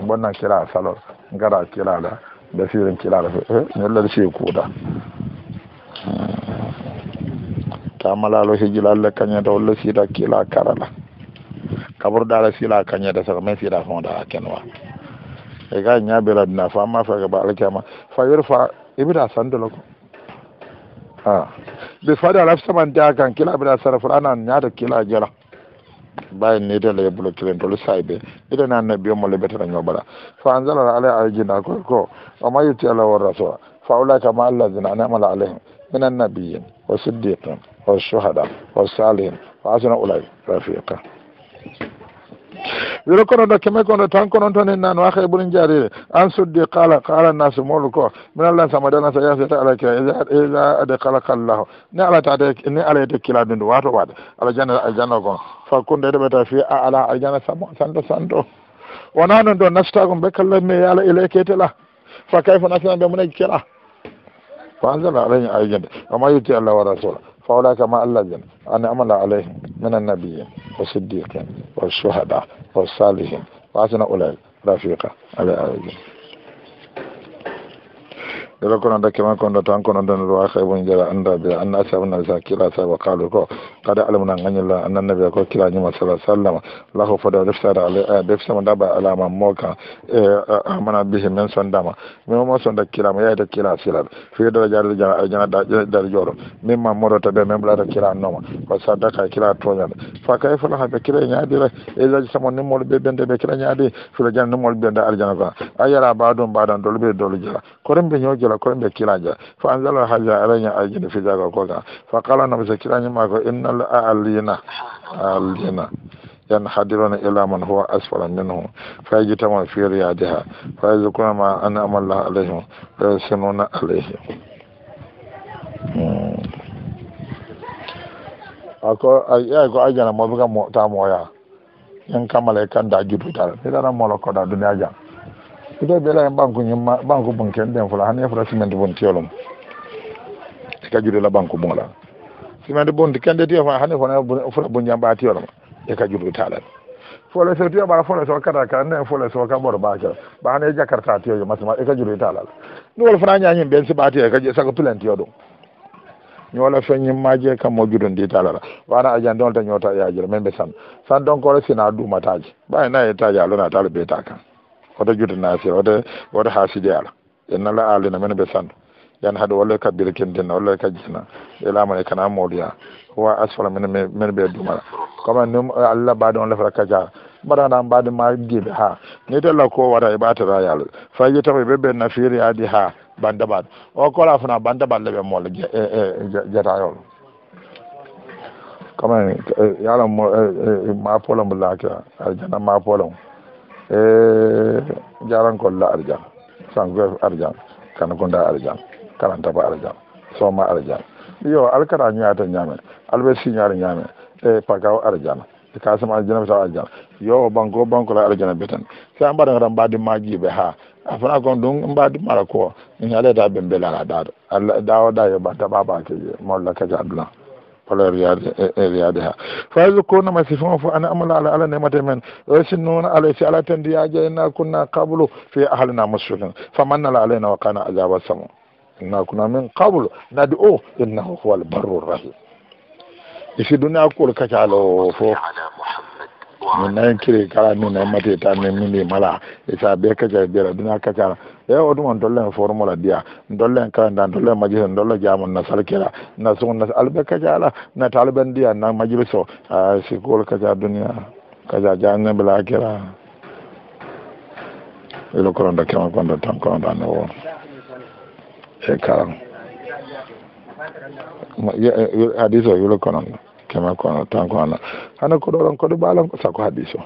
Speaker 1: wannan kira salo ngara kira da sirin firin he ne lalle shi ko da tamalalo hijilalle kañede walla siida kiila karala kaburɗala siila da saka min siida fonda kenwa e ga ñaabira dina fa ma fega ba alkiyama fayir fa ibita sandolo ko a ɓe faade ala samante a kan kila ɓeɗa sara fota anan da kila jara bayi nitele ye bulo kilen tolu sayɓe ite nan ne biyomo lebetena ñoɓaɗa fa anzalara ala ayjina ko ko oma yetti ala warrasola fa ulaka ma alladina anamala من النبيين والصديقين والشهداء والصالحين وحسن أولئك رفيقا wiro kono ɗo keme kono tan konon toon en nan waka e ɓurin jarire an suddi qala qala nasi molu ko min allah samadana sa yafiyata ala kira ila ade kalaka llahu ni ala ta tate ni ala yete kila dundu wato waɗe alajanna aljanna gon fakkunde ɗeɓeta fi a ala aljanna samo santo santo wona non ɗo nastagum ɓe kalla mi ala ila ketela fa kayfo nasinan ɓe mune kela فأنزل عليهم أي جنة وما يطيع الله ورسوله فأولئك ما الا جنة أن عمل عليهم من النبيين والصديقين والشهداء والصالحين وأسنى أولئك رفيقا على أي جنة dala kono da kema da tan kono don ruwa sai bun jara anda bi an asabun na zakira sa wa qalu ko kada alamna nganyalla annabi ko kila ni masala sallama lahu fada dafsara ala eh, dafsama da ba alama moka amana eh, eh, bihi men sondama me mo sonda kila ma yaita kila silal fi da jar jar jana da joro min ma moro tabe men bla da kila noma ko sadaka kila tonya fa kay fa la be kila nyaadi la e la sama ni mol be bende be kila nyaadi fi la jan ni mol bende aljana fa ayara badon badan dol be dol jara ko rembe jula ko be kiranja fa zala haja alanya ajin fi daga ko ga fa qala na bisa kiranya ma ko innal alina alina yan hadiruna ila man huwa asfala minhu fa yajtama fi riyadiha fa yazkuruna ma ana amalla alaihim fa yasununa alaihim hmm. ako ay ko ajana mo buga mo ta moya yan kamale kan da jutu tar ni da mo lo ko da duniya ja ito bela en banque ñimma banque bunken ɗen fula han efra ciment bonti yolom ika juɗola banque bunla ciment bonti kende tiyo fa hani fona fura bunjam ɓa tiyoloma ika juɗo talat fole so tiyo ɓara fole so kata nden so ka ɓoto ɓakira ɓa hane jakarta tiyojo masima ika juɗo talal ɗuwol fana ñañim ɓen siɓa tiyo ika sago pilen tiyo ɗum ñoola feñimmaje kam mo judon ndi talala wana ajan ɗon ta ñoota yajira men ɓe san san donc olo sina ɗumataji ɓawi nayi taji alona tala kan oto jude naasira oto oto haa sidi ala yenna na aalina men ɓe sandu yan haade walla ka birkintinna wale ka jina ila e laamane kana moriya wa asfala men men ɓe dumala comme ni allah mbaɗi on lefata kaca ba da ma giɓe ha ni tella ko wata e ɓatata yaala fayi e bai ɓe ɓe nafiri adi ha bandabaɗ o kola fana bandabaɗ leɓe molla e, jetayol kuma yaala ma polam laakia aljana ma polam Eh, jarankolla arjan sangof arjan kanagonda arjan karantaba arjan soma arjan yo alkara ñoyata ñaame alɓe siñoare ñaame e eh, pagaw arjana kasama aljana sa arjan yo banko banko la aljana beten sa mbara ngara mbadi maji be ha afana kon dun mbadi mara ko ni ala da bembe la da da da da yo ba ta baba ke molla ka jadla fala e, e, riyadiha faisu kona masifin fo ana amala ala ala mata men wasin nuna ala si ala ya jayna kunna qablu fi ahlina muslimin famanna la alaina wa kana azaba samu inna kunna min qablu nad'u innahu huwal barrur rahim isi duniya kol kacalo fo kala min na mate ta min mala isa be kacal bera duniya kacala e eh, o ɗum on dollen formula ndiya dollen kalanda dollen majlis dolla jamon nasal na nasunna alɓe kajala na talɓe ndiya na majlis o a sikol kaja duniya ah, kaja jannebe kira. ilo da kema da tan kon da no e karam hadis o yulo konondo kema kono tan kono hana ko ɗoɗon koɗo ɓalan ko sako hadiso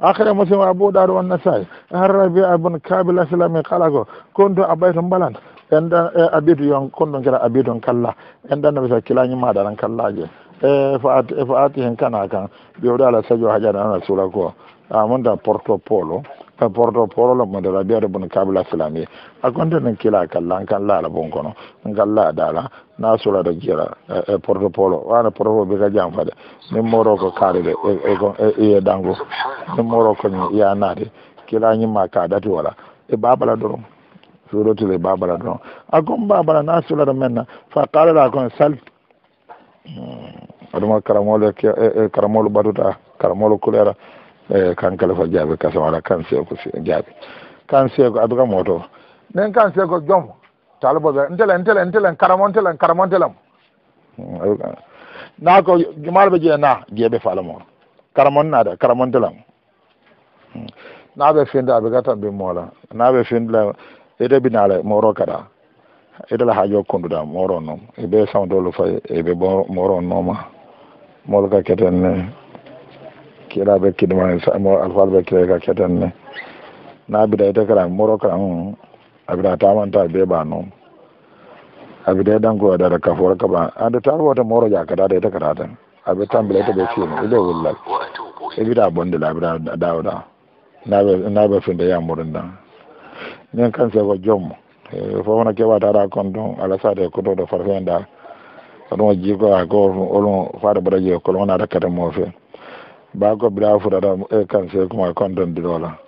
Speaker 1: akhara muslim abu daru wan nasai an rabi ibn kabil aslami qalago kuntu abaytu balan enda eh, abidu yon kondo kira abidun kalla enda nabi sa kilani madaran kallaje e eh, fa ati eh, hen kana kan biwda ala sajo hajana na sura ko amunda ah, porto polo ka porto poro la mo da biya bun kabila filani akonte ne kila kallan kan la la bon kono ngal la dala na sura da jira e porto poro wana porto be ga jam fada ne moro ko kare de e ko e dango ne moro ko ni ya na de kila ni ma ka dati wala e babala dorom suro to le babala dorom akon babala na sura da menna fa kare la kon sal aduma karamolo karamolo baduta karamolo kulera Eh, kan kankala fo jaabi kasa wala kan seeko jaabi kan seeko aduka moto nen kan seeko jomo talbo be ntele ntele ntele karamo ntele karamo ntele hmm, na ko jumal be jena jebe fala mo karamo na da karamo ntele hmm. na be finda be gata be mola na be finda ede binale moro kada ede la hajo konduda moro no e be sawdolo fa e be moro no ma molka keten kira be kidima mo alfal be kira ka keten ne na bida ita kara moro kara hun mm, abida ta manta be ba no abida dan ko da da fora ka ba an da ta wata moro ya kada da ita kara ta abe tambele ta be ci ne ido wulla ibida bonde la abida dawo da na be na fin fende ya murin da ne kan se ko jom eh, fo wona ke wata ra kon don ala sa de ko do farfenda ko don jiko ko olon faade baraje ko na da kada mo fe ba ko bila fura da e kan se kuma kondon la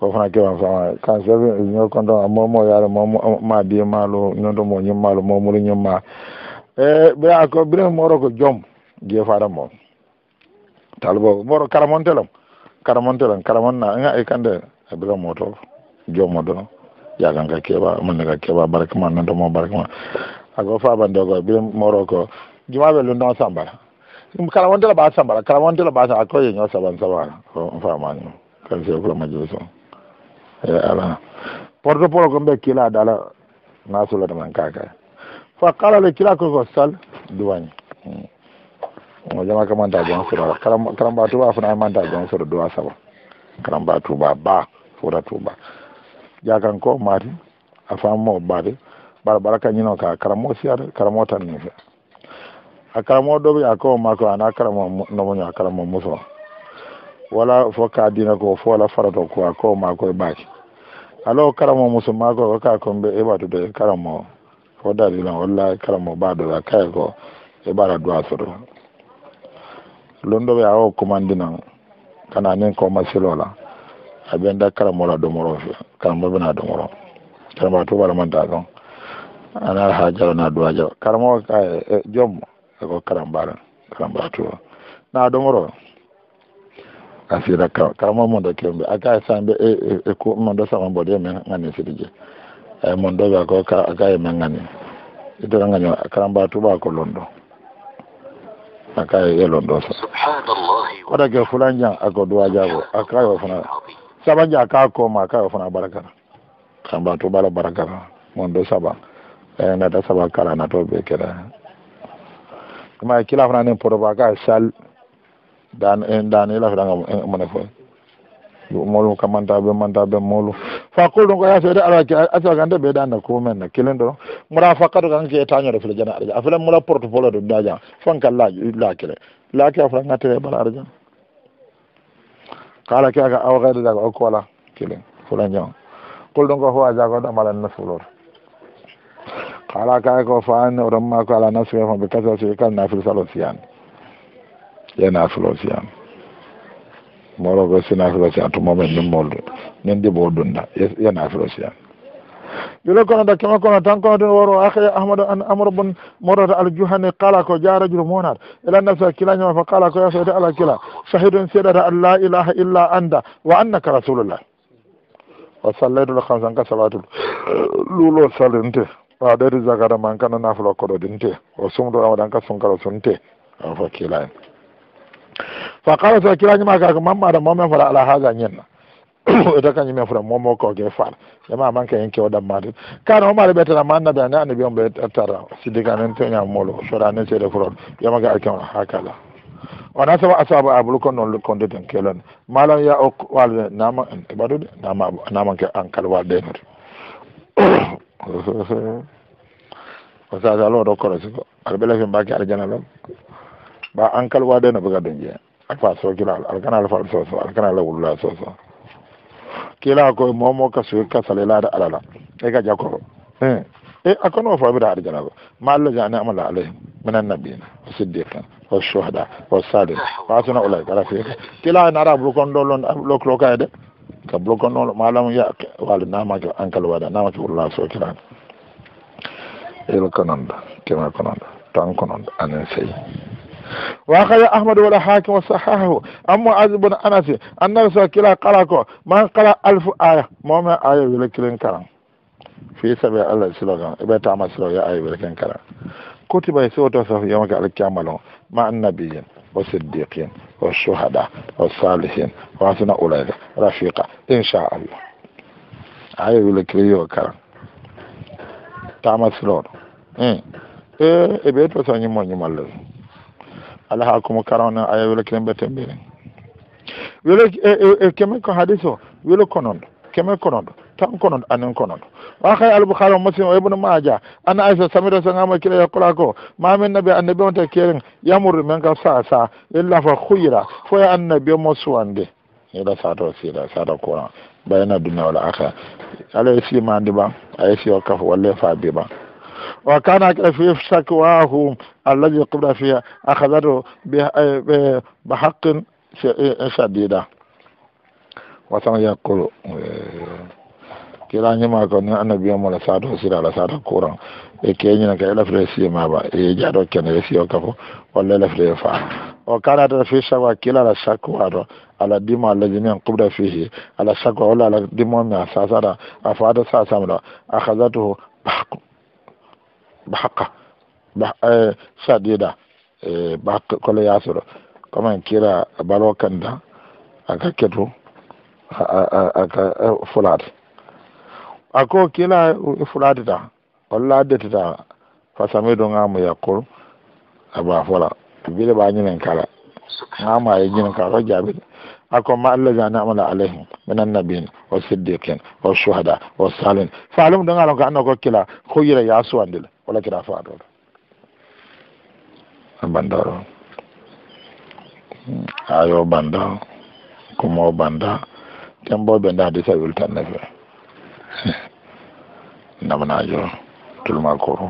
Speaker 1: ko fana ke ban fama kan se eh, nyo kondon amma mo yar mo ma di malo do mo ma malo mo mo nyi ma e eh, be ko mo ro ko jom je fara mo talbo ro karamontelam karamontelam karamon na nga e kande e mo to jom mo do ya kan ka keba man ka keba man nan do mo ma ago fa bandogo mo ro ko jumabe lu non sambara karawantola ɓa sambala karawantola ɓa sambala koye ñoo saban sabala on famani kan se kula majlis ya, on e ala porte polo kembali kila dala nasulata man kaka fa kala le kila ko ko sal duwañ hmm. o jama ka manta jon sura karamba tuba fana manta jon sura duwa saba karamba tuba ba fura tuba jakan ko mati a fammo baade bara bara kañino ka karamo mau karamo tan ni fe a karamɔgɔ dɔ bɛ a kaw ma ko a n'a karamɔgɔ nɔmɔɲɔ a karamɔgɔ muso wala fo k'a dina ko fo wala faratɔ ko a kaw ma ko e b'a kɛ ala o karamɔgɔ muso ma ko k'a ko n e b'a to dɛ karamɔgɔ fo dali la o la karamɔgɔ b'a dɔ a k'a ye ko e b'a la don a sɔrɔ lon dɔ bɛ a y'o komandi na ka na ni kɔ ma seli o la a bɛ n da karamɔgɔ la dɔmɔrɔ fɛ karamɔgɔ bɛ na dɔmɔrɔ karamɔgɔ to b'a la man t'a dɔn a hajara n'a don a jɔ jɔn ma ko karambara karambato na domoro asira karamo mondo kembe aka sambe mbe e ko mondo sama bode men ngani sirije e mondo ga ko ka aka e men ngani idara ngani karambato ba ko londo aka e londo sa
Speaker 2: subhanallahi
Speaker 1: wada ga fulanja ako duwa jabo aka yo fana sabanja aka ko ma aka yo fana baraka karambato bala baraka mondo saba e na da saba kala na to be kera kuma kila fana ne poroba ka sal dan eh, dan ila fana eh, mana fo molu be manta be molu fa ko don ko ya ala ki asa be dan ko men na kilen do mura fa ka do kan ke tanyo fil jana arja mura portfolio do daja fan ka la la la ngate bala arja kala ki aga kilen fulan ko don ko ho aja ko da na fulor kala kay ko faani oɗon ma ko ala nafsi fo ɓe kasa so kal nafil salo siyan ye nafilo siyan moro ko si nafilo siyan tumomen ɗum moldu b'o ɗiɓo ɗumda ye nafilo siyan jule kono da kema kono tan kono ɗum woro akhi ahmadou an amre bon morota aljuhani kala ko jarajuro monat ila nafsa kilañoma fa kala ko yasode ala kila shahidun seeɗata an la ilaha illa anda wa annaka rasulullah wa sallaytul kamsan ka salatu lulo salinte wa ɗeɗi zakata man kana nafulo koɗo ɗin te o sum do ramadan ka sunkara sunte a fo kila en fa qala sa ma ka kirañima kaka da mamma fara ala haza nyen (clears throat) na o da kan yimen fota momo ge fa yama ma man ka yin ke o da ma ka na ma man da na ane bi on ɓe tara siddiganen toñamolo soɗane seede furod yamaga akem ha kala sa ba asaba abulu ko de kondeten kelan malam ya o walde na ma e ɓaɗude nama namanke ankal walɗenote (clears throat) o sasa looɗo korosiko aɗa ɓele fe mbaki arjana ɗon ɓa an kal buga la wulla kila ko momo ka ka sale la da e jako eh e akono fa bi da jani amala minan wa shuhada wa salih wa ulai kala fi kila na kon ka bloko nolo malam ya wala na ma an kal wada na ma wala so kira el kananda ke ma kananda tan kananda anen sey wa khaya ahmad wala hakim wa sahahu amma az anasi an nar sa kila qala ko man qala alf aya mo ma aya wala kilen karam fi sabi allah silaga ibe ta ma silaga aya wala kilen karam kutiba sai wato sa yamaka al kamalon ma annabiyin والصديقين والشهداء والصالحين وحسن أولئك رفيقا إن شاء الله أي ولكري وكرم تامس لون إيه إيه بيت ما نمال على هاكم كرونا أي ولكري بتنبيرين wele keme ko hadiso wele konondo keme konondo tan konon anin konon wa khay al bukhari muslim wa ibn majah ana aisha samira san ama kira ya kula ko ma min nabi annabi wata ya yamur men ka sa sa illa fa khuyra fo ya annabi musuwande ila sa to sila sa to koran bayana dunya wal akhirah ala si mandi ba ay si wakaf wala fa bi ba wa kana fi shakwahu alladhi qibla fiha akhadhahu eh, bi haqqin eh, shadida wa san yaqulu eh, kira ñima e e e, ko ni annabiyamo la saato sira la saata courant e keñina ka na simaba e jaaɗo kene e siyo kafo walla elefre faa o kalata fi sawa kila la sakwa to ala dima allazi min qubda fihi ala wala ala dimo mi bahq bahqa bah eh sadida eh bahq kama kira balo kanda aka ketu ako kila fulatita walla addetita fasame do ngamu yakkol aba fola bile ba ñinen kala ngama ye ñinen kala jabe ako ma na amala alayhim min annabiyin wa siddiqin wa shuhada wa fa faalum do ngalo ko anna ko kila hoyira ya suwandila walla kira do bandaro ayo banda kumo banda tembo benda nda disa wiltanne fe (laughs) namnajo tulma koro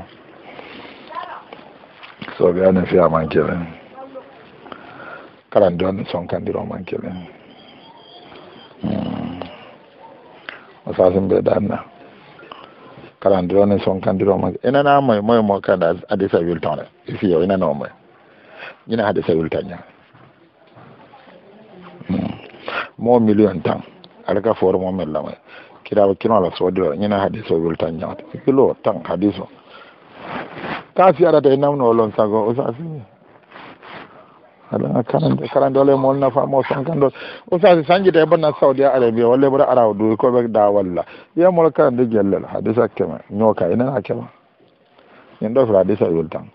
Speaker 1: soɓe ne fiya man kelen karande on sonkandiro man kelen hmm. o sasin ɓe ɗanna karande on sonkandiro man enana moye moye mo kada adi sa wilton re fiyo enano moye ñina hade hmm. sa wilta ña mo million tan alaka foore mo mellamaye kira kirawo kinola soodiro ñina hadiso wiltan ñaate sikkilo tan hadiso ka fi ara de namno olon sago o osa si de kan dole mol na fa mo san kan do o sa usasi sanji de bonna saudi arabia wala bura ara do ko be da walla yiyamol karande gellel hadisa keme ina inena kema ñin ɗo fira hadisa wiltan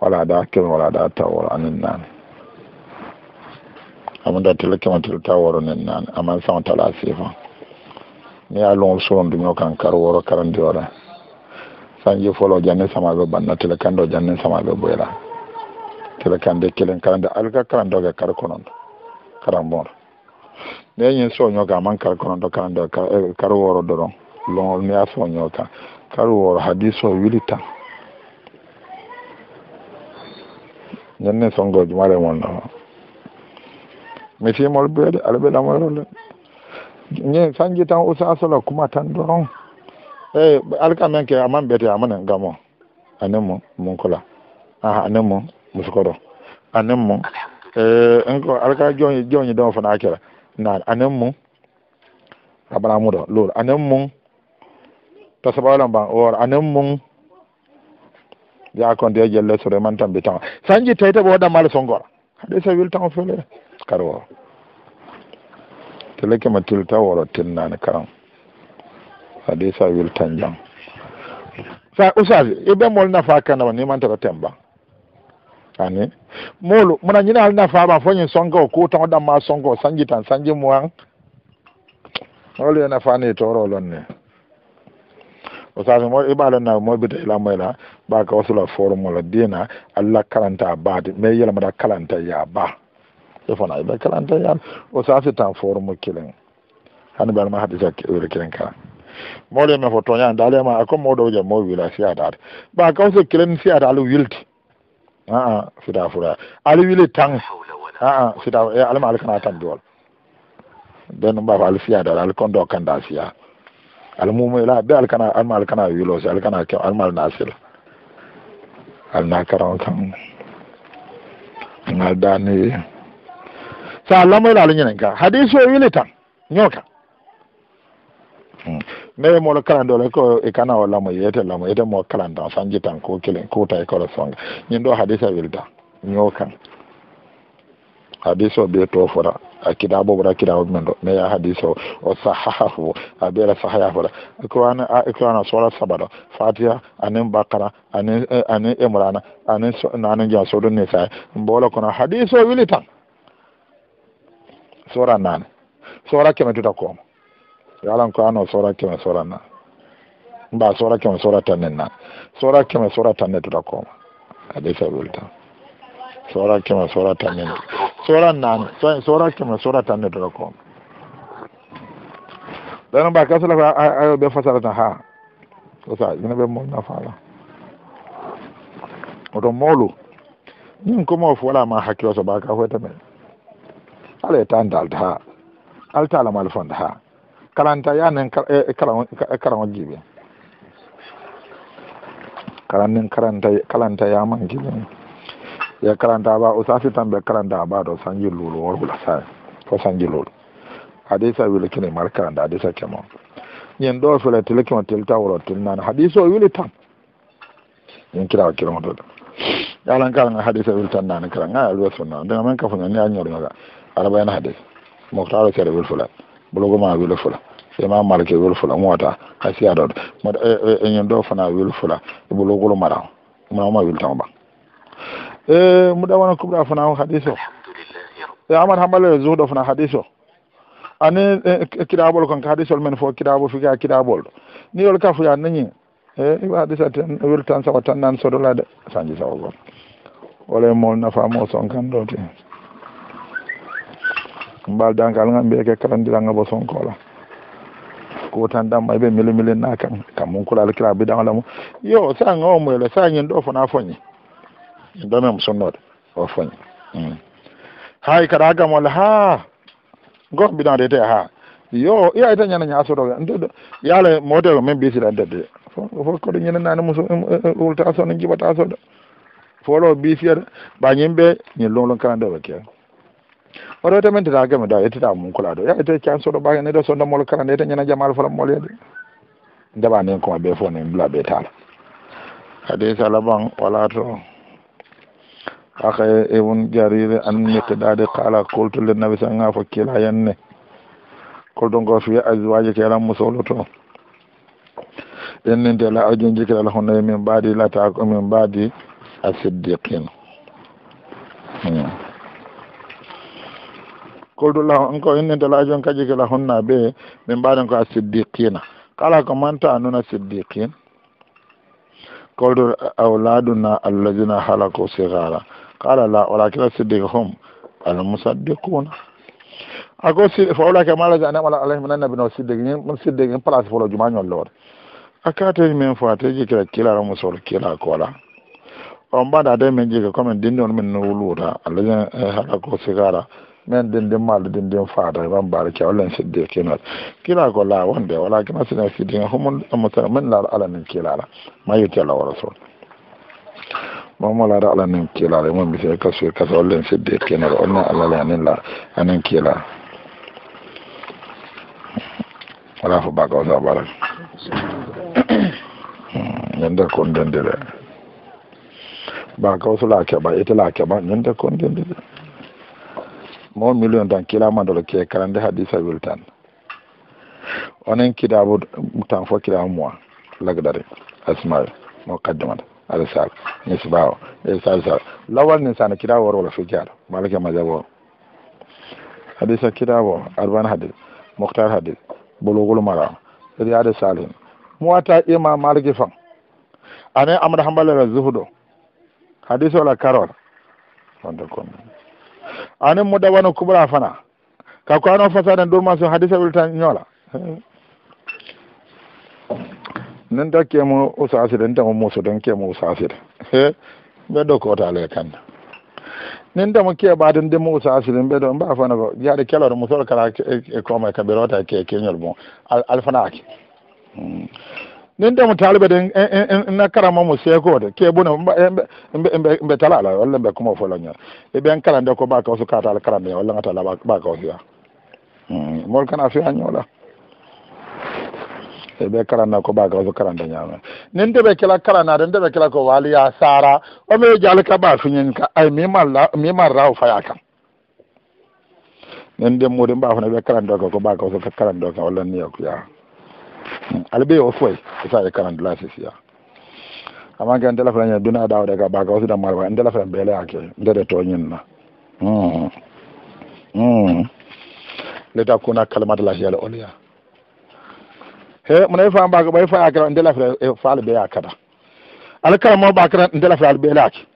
Speaker 1: wala da keme wala da tawol anin nane amada tele kema tel taworo nen nane aman sawo tala sifa ni ye a lon sorondiŋo kan kari woro karandiwo la sanji folo janne sama be banna tele kando janne sama be boyla tele kande kelen karande alka karando ga kar konondo karambor ne yin so nyo ga man kar konondo karando eh, kar woro doron lon ne aso nyo ka kar woro hadiso wilita janne songo jumare mi fi mol be ne sanji tan usa asala kuma tan doron eh alka men ke aman bete amanan gamo anan mu mun kula aha anan mu muskoro anan mu eh enko alka joni joni don fana akira na anan mu abara mu do lor anan mu tasabalan ban or anan mu ya konde ya jelle sore man tan bitan sanji tayta bo da mal songora hade sa wil tan fele karwa teleke ma tilta woro tinnani karam hadisa wiltan jam sa usaz ibe mol nafa kanama ni mantata temba ani molu muna ñina al nafa ma fonyi songo ko da ma songo sanji tan sanji muwan wolu na nafa ni toro lon ne usaz mo ibalo na mo bita ila ba baka wasula forum wala dina alla kalanta de me yelma da kalanta ya ba e fana bɛ kalanta yan o sasi tan forumu kilen hani ɓanma hadisa wuro kilen kala mawɗo men fo toñani ma a comme mawɗo jam mo wiila siyadade ɓa kawso kilen siyade ala wilti aa sida fura ala wili tan aa sida e alama ala kana tan duwol ɗen ɗum ɓafa ala siyadade ala kondo da siya mu mumoyla ɓe ala kana alma ala kana wiilo si ali kana alma ala nasila ali na karan kan ngal dani sa lamoyla ala ñinen ka hadise o wili tan hmm. Ne kan ne molo kalando le ko e kana o lamo yete lamo yete mo kalan kalanda sanji tan ko kelen ko tay ko songa ñin do hadisa wilda ñoo kan hadise o ɓe tofora a kiɗa boɓora kiɗa men ɗo mais ya hadise o o sahahahu a ɓeera sahayafora qurana e a qurana e sura sabada, fatiha anin bakara anin anin imrana anin nanin jam soɗo nisa mbola kono hadise o wili tan sora naane sora kɛmɛ tuta kooma yo alan ko ano sora kɛmɛ sora naane mba sora keme sora tanne naane sora keme sora tanne tuta kooma ade sabol tan sora keme sora tanne sora naane sora keme sora tanne tuta kooma ɗano mba kasala ko ayo ɓe fasarata ha ko sa ina ɓe mool nafaala oto ni ñin komo fo wala ma hakkilo so ɓa ka hoyta men ala e tan dalta ha ala ha kalanta yanen karan eh, jiɓe karannin kalanta yaman jiɓe ya karanta ba usasi karanta ba sanji lulu worwula sa ko sanji lulu hadisa wili kini mar karanta hadisa kemo ñin ɗo fele tilkimo tilta wuro tilnani hadise o wili tan ñin kirawa kiromotoɗe yalan karanga hadisa wili tan nani karanga ya alwe sunna ndega men kafuña ni a ñorñoga arbayin hadis muhtaro kere wil fula bulogo ma wil fula sema marke wil fula mota hasiya dod mod enyen do fana wil fula bulogo mara muna ma wil tamba e eh, muda wana kubra fana hadiso e eh, amar hamale zudo fana hadiso ani eh, kidabol kon hadisol men fo kidabo figa kidabol ni yol kafu ya nani e b'a hadisa tan wil tan sawa tan nan sodola de sanji sawo wala mo nafa mo son kan do te mbal dankal ngan mbiye ke karandiranga bo sonkola ko tan damma ɓe mili mili na kam kam mum kulal kira bidan lamu yo sa nga o muyele sa ñin ɗo fona foñi ɗum ɗo men sunnode o foñi hay hmm. kada gamol ha gor bidan rete ha yo iyayta ñana ñasotoga ndeɗo yaala motego min bisila dedde fof koɗo ñinanani muso wulta um, um, um, sono jiɓata soɗo folo bisiyeɗa ɓa ñimɓe ñin longlon karandeɓe ke. oɗo te min tetakeme da ettita munkula ɗo yaa te can soɗo ɓaa neɗo sondamol kala nde te ñana jaam alfalamol yede ndeɓa nden koma ɓe fof nen mbila ɓe tala hadis alaban wala to haka ibn jarire an mettiɗade kala koltule nawi sanga fo kila yenne koltongo fiya aswaji kelan musolo to inninte la ajun jikilal honoye min mbaadi lataako min mbaadi a siddiqin hmm. qultu lahum in ko inni talajon kaji kala hunna be min mbaɗen ko a siddiqina kala ko manta anuna siddiqin qultu auladuna alladina halaku sigara qala la walakina siddiqa hum almusaddiquna ako fawlake malaji anem ala alayhi minan nabino siddiqin min siddiqin place folo jumañollowode a kateji min fo ateji kila kilara musol kila kola on mbaɗa de min jiga commin dindi min no wuluta alladina halaku sigara men dindin malɗo dindin faada ran mbaɗa wallan sidde kenal kila ko la wande wala kina sina siddiga homon musana men la ala nin kilala so wara soon la ala nin kilala mon mbise kasfir kasa wallan sidde onna ala la anin la anin kilala wala fo bakaw sa kon ñande kondendire bakaw so la keɓa ite la kon ñande kondendire mo million ma dole ke karande hadisa wil onen kitabu tan fo kila mo lagdare asma mo kaddamata aɗa sal misbawo e sal sal lawal ni sana kila woro wala fijaɗo malake majabo hadisa kitabu arban hadis moktar hadis bologol mara riyad salim mowata imam maliki fa ane amra hambalera zuhudo hadis wala karol wonde comme anin mu dabano kubra fana ka ko fasa da durma su hadisa wilta ñoola nin ta kemo da mu musu don ke mu kemo da he da mu ke ba din tamo mu ndemo usasida be da ba fana ko kelar mu musol kala koma kaɓe rota ke keñol bon alfanaki nin mu talibe de na karama mu ko de ke bune mbe tala la wala mbe kuma fo la nya e ben kalande ko ba ka su ka tala karande wala ngata la ba ka osiya hmm, mol kana fi anyola e be karanda ko ba ka su karande nya nin de be kala karana de be kala ko wali ya sara o me jal ka ba fi nyin ka ai mi malla mi marra fa ya kan nin de mo de ba fa na be karanda ko ba ka su karande wala ni ya albe o foy sa e karan glace siya amma kan dala fara duna da daga ba ga wasu da marwa dala fara bele ake da da to yin na mm mm le ta kuna kalmat la hiya oliya he mun fa ba ga bai fa akara dala fara e fa albe akada alkaramo ba akara dala fara albe laki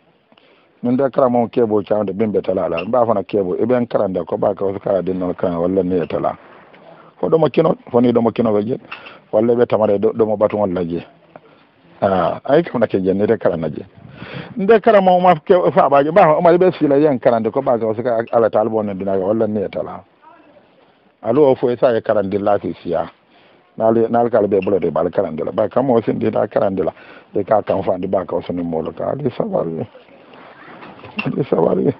Speaker 1: min da karamo kebo chawo da bimbe tala ala ba fa na kebo e ben karanda ko ba ka wasu kara din nan kan wallan ne tala hoɗomo kinol woni ɗomo kinoɓe jeeɗi walla ɓe tamara ɗomo batugol a ah, ay kam nake jannire kala naje nde kala mawma faɓaji mbawa omari ɓe sila yen karande ko ɓaka sika ala taala bo nendinaga walla ni e tala alu o foye sa e karandillaaki siya nal kala ɓe ɓulode ɓaali la ɓay kam ndida sindita la de ka kam fandi ba ka o soni ka ali sabari ali sabari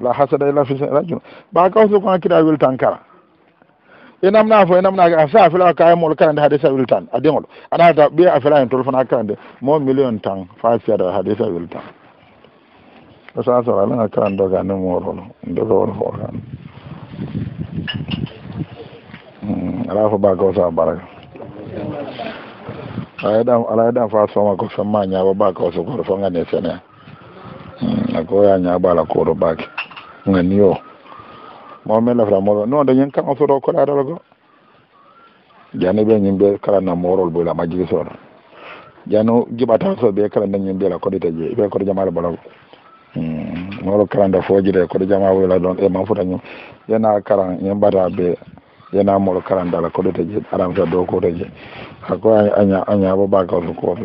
Speaker 1: la hasada e lafisa rajul ɓa kawso kon hakkita tan kara inam na fo inam na fa la ka mol kan da hadisa wiltan adengol ana ta be afela fa tolfana kan de mo million tan fa fa da hadisa wiltan o sa so ala kan do ga ne mo ro no do ro ho hmm, kan ala fo ba ko sa baraka ala da ala da fa so ma ko so ma nya ba ko so ko so ngane sene hmm, ya nya ba la ko ro baki ngani yo momela framoro non de nyen kan o soro ko daro go jani be nyen be kala na morol bo la majigi so jano gibata so be kala na nyen be la ko de je be ko jama la bolo hmm moro kala da foji de ko de jama wala don e man futa nyen yana kala nyen bata be yana moro kala da la ko de je aram do ko de je ko anya anya bo ba ko ko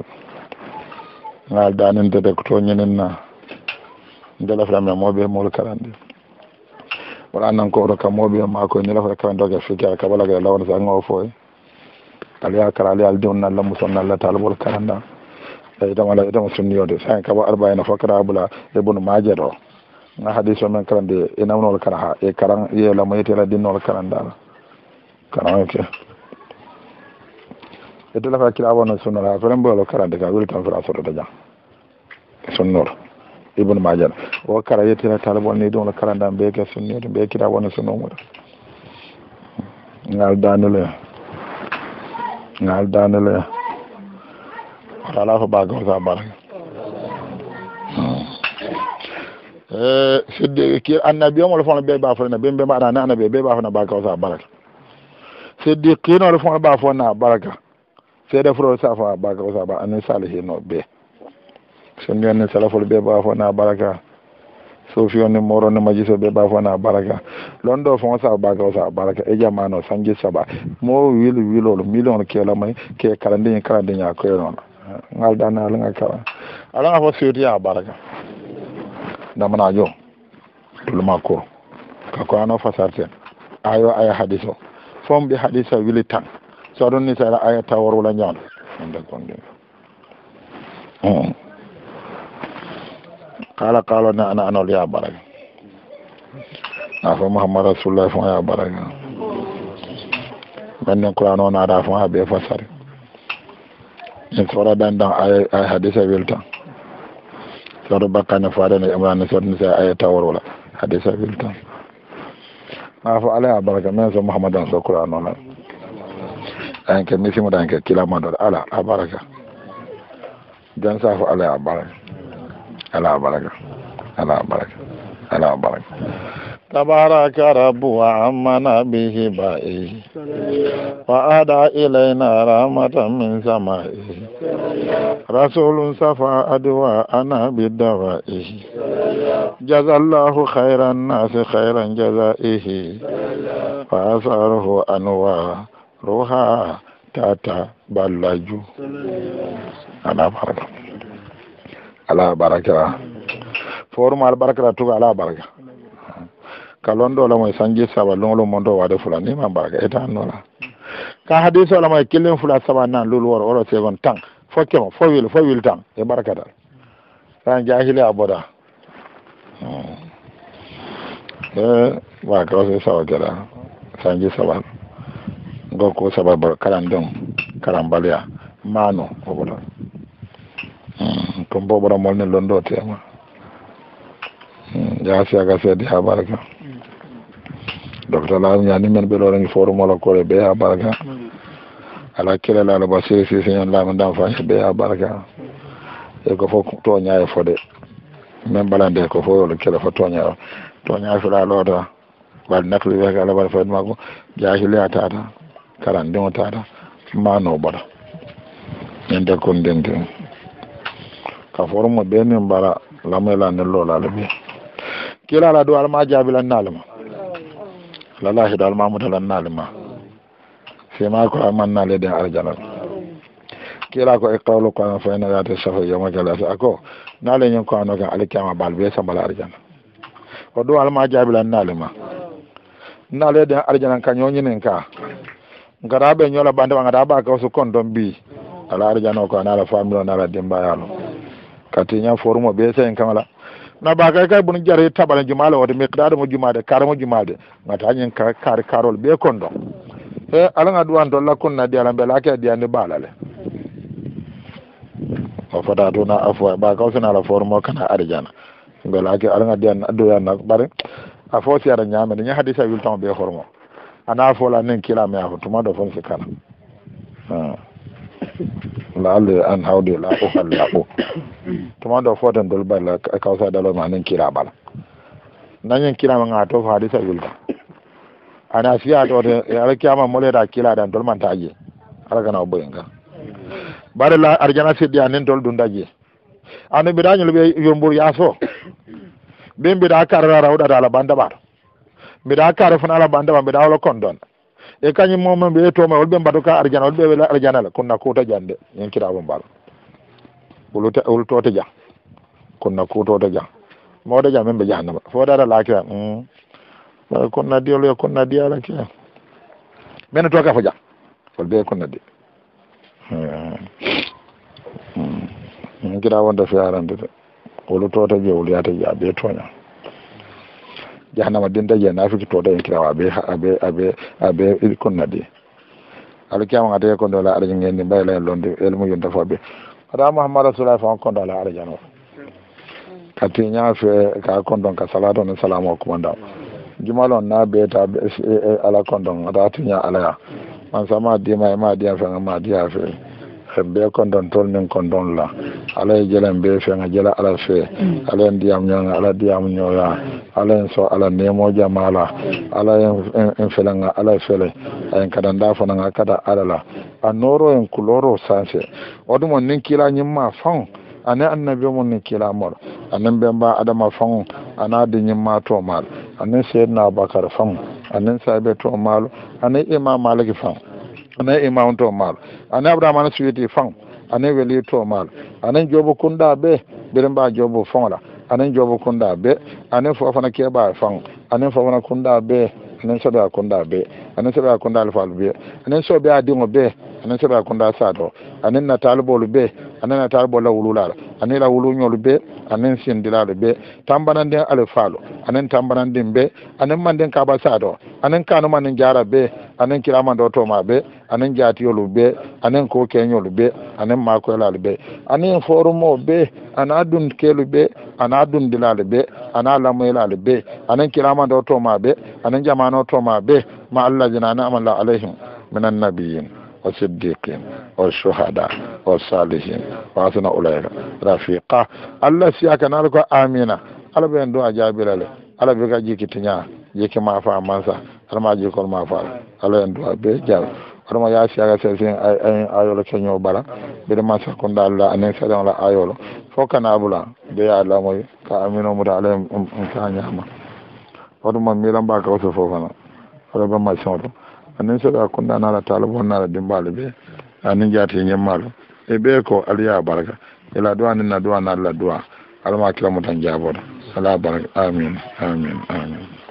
Speaker 1: ngal danen de de ko nyen na ndela framo mo be moro kala de wala nan ko ro kamoɓe ma ko ni lafa kawen doge fikere kaɓalageɗe lawol sa ngao foye eh. ala ya kara ala aldin na lamu sanna la talbul karanda da idan wala idan sunni yode sai ka ba arba'ina fakra abula ibn majah do na hadiso men ina mun wal e karan ye la mai tela din wal karanda karan ke idan la ka kira wannan sunna la faran bo wal karanda tan ja ibn majan o kara yettira talibol ni ɗum no karanɗan ɓe ke sunniyde ɓe kiɗa wona sunnomuɗo ngal danele ngal danele oɗa ala ko ɓagaw sa baraka sedde ki annabi omo fono ba ɓafona ɓe ɓe mbaɗani annabi ɓe ɓafona ɓagaw sa baraka seddi kinoɗo fono ɓafona baraka seeɗa furo safa ɓagaw sa ba salihin salihino ɓe sondi on ne salafol b'a ɓawa na baraka sofi on ne moro ne majiso ɓe ɓawa fof na baraka fɔ fon sa baga o sa baraka e jamano sanji saba mo wili wilol million kelo may ke kalandiñi kalandiña koye noon ngal dana alaga kala alaga fof sewtiya baraka damana jo toluma ko kako ano fasarten ayo aya hadis o a ɓe hadisa wili tan so aɗon ni sara aya taworwola ñawdo ande gonɗi hmm. kala kalo ne ana anol ya baraga a fo mouhamad rasulullah fon ya baraga mainnen kuranona ada fon ha ɓe fasare in sora dan dan ay hadice wilta soto bakkane fadene yamrane sotni sa aye tawarola hadice wilta a e fo ala ya baraga main so mouhamadan so kuranona anke misimuɗa anke kilamadoɗa ala a baraga jan sa fo ala ya baraga ala baraka ala baraka ala baraka تبارك رب وعمنا به بائه وأدى إلينا رحمة من سمائه رسول صفى أدواءنا بالدوائه جزى الله خير الناس خيرا جزائه فأثاره أنواع روحا تتبلج على بركة ala barakira forum al barakira tuga ala baraka kalon do la moy sanji saba longolo mondo wade fula ni ma baraka eta no la ka hadiso la moy kilen fula saba nan lulu wor woro segon tang fo kemo fo wil tang e baraka dal ran jahili aboda eh wa ka so sawa kala sanji saba ngoko saba karan don karan balya mano obodo kon bo ɓura molni londo tema yasiyaga seedi ha baraka docteur laami yani men ɓe ɗorangi forumolo kore ɓe ha baraka ala kelelalo ba siri sisi ñon laami dan fañe ɓe ha baraka e ko fof toñaye fode min de ko fof yolo kele fo toña o toña fiɗa loota waɗi nattude be ala waɗa fayde makko jahiliya tata karan ndiŋo tata mano ɓota min dekkude ndin tin ka formo be min bara la lamayla nden lolale ɓe kilala do alma jaabilannalema lalahi do alma mutalannalema ma ko amannale den arjanal kila ko e kawlo ko ana fayna yate safo yoma ko ako nale ñin ko ano kan alikiyama bal be sambala arjana o do alma jaabilannalema nale den arjana ka ñoñinen ka ngara ɓe ñola ɓandema ngata ba ka kon ɗon mbi ala arjana o ko anala famille o nala dimbayalo kati nya formo be sen la na ba kai kai bun jare tabana jumala wata miqdar mo jumade karamo jumade ngata nyen ka kar karol be kondo e ala nga la dolla na di ala la ke di ande le o fata to na afwa ba ka sona ala formo kana arjana la ke ala nga di an do yan bare fo si ara nyame ni hadisa wil ton be hormo ana fo la nen kila me afo tuma do fon se kana ah lalle an haude la ko halla ko tuma do fotan dol balla kawsa dalo manan kira bala nanyen kira man to fa hadisa wilda ana fiya to de ala kiyama mole da kila dan dol man taje ala kana boyinga bare la arjana fidi anen dol dun daje anu bidanyo be yombur yaso ben bida karara rawda da ala bandaba bida fana ala bandaba da wala kondon e kañum momen ɓe ettoma holɓe mbaɗo ka arjana holɓe wela arjana la konna kuta jande yen kitabu mbal wol tote ja konna kuutote ja mawɗo ja min ɓe jahannama fodara laakira konna diyolo e konna diyala ke mene to ka fo ja holɓe konna di hmm. hmm. hmm. kira wonde fe arande de wolu tote je wolu yaate ja ɓe toña jahannama na fi nafiki da en kirawa abe abe abe abe konnadi aɗa kiyama gata ko ndola araji ngendi mbayla en londe elmu yonta fo ɓe aɗa mouhammad rasulullah fan kondo ala arajano kati ñaafe ka kondon ka salatu wa salamu o kumanda jumalon na ta e, e, e, ala kondon ata tiña alaya man sama di e ma diya fe ma di fe be kondon tol min kondon la ala ye jɛla bɛɛ fɛ ka jɛla ala fɛ mm. ala ye diyamu ala diyamu nyoya ala ye ala nemo jama la ala en fe nga nka ala fe fɛlɛ a ye kadanda fana nka kada ala la a nɔɔrɔ ye kulɔɔrɔ sanfɛ o duma ni kila ɲɛmaa fanw ani annabi mun nin kila mor anan ben ba adama fon ana da yin to mal bakar sayyidina abakar fan anan sahibe to mal anan imam malik fon anan imam to mal anan abraham suyuti fon ane weli tomal anen jobu kunda be birin ba jobu fonla anen jobu kunda be anen fofana keba fang anen fofana kunda be anen sada kunda be anin sɛbɛ akunda alifalu bɛ anin sɔ bɛ adiŋo bɛ anin sɛbɛ akunda saadɔ anin nataali bɔlu bɛ anin nataali bɔla wulula la anin la wulu ɲɔlu bɛ anin sindila lu bɛ tanbananden alifalu anin tanbananden bɛ anin manden kaba saadɔ anin kanu manin jara bɛ anin kirama dɔ tɔma bɛ anin jaatiyolu bɛ anin ko kɛɲolu bɛ anin maakɔlalu bɛ anin fɔrumɔw bɛ an'a dun kɛlu bɛ an'a dun dilalu bɛ an'a lamɔyelalu bɛ anin kirama dɔ tɔma bɛ anin jamana tɔma bɛ ma allazina na'mala alaihim minan nabiyyin wa siddiqin wa shuhada wa salihin wa asna ulaiha rafiqa allah siya ka nalko amina alba yan du'a jabirale alba ga jiki tinya jiki ma fa mansa arma ma fa alba yan du'a be jal arma ya siya ga sesin ay ay ayo lo tonyo bala bir ma sa ko dalla anen sa dan la ayo lo foka na bula de ya la moy ka amino mu da alaihim um kanyama wadu ma milan ba ka wasu fofana a nan anin sura kunda nala talibo nala dimbali be anin yin malu e bai ko aliya baraka ila e duwa ni na duwa na la alma mutan jabota ala baraka amin amin amin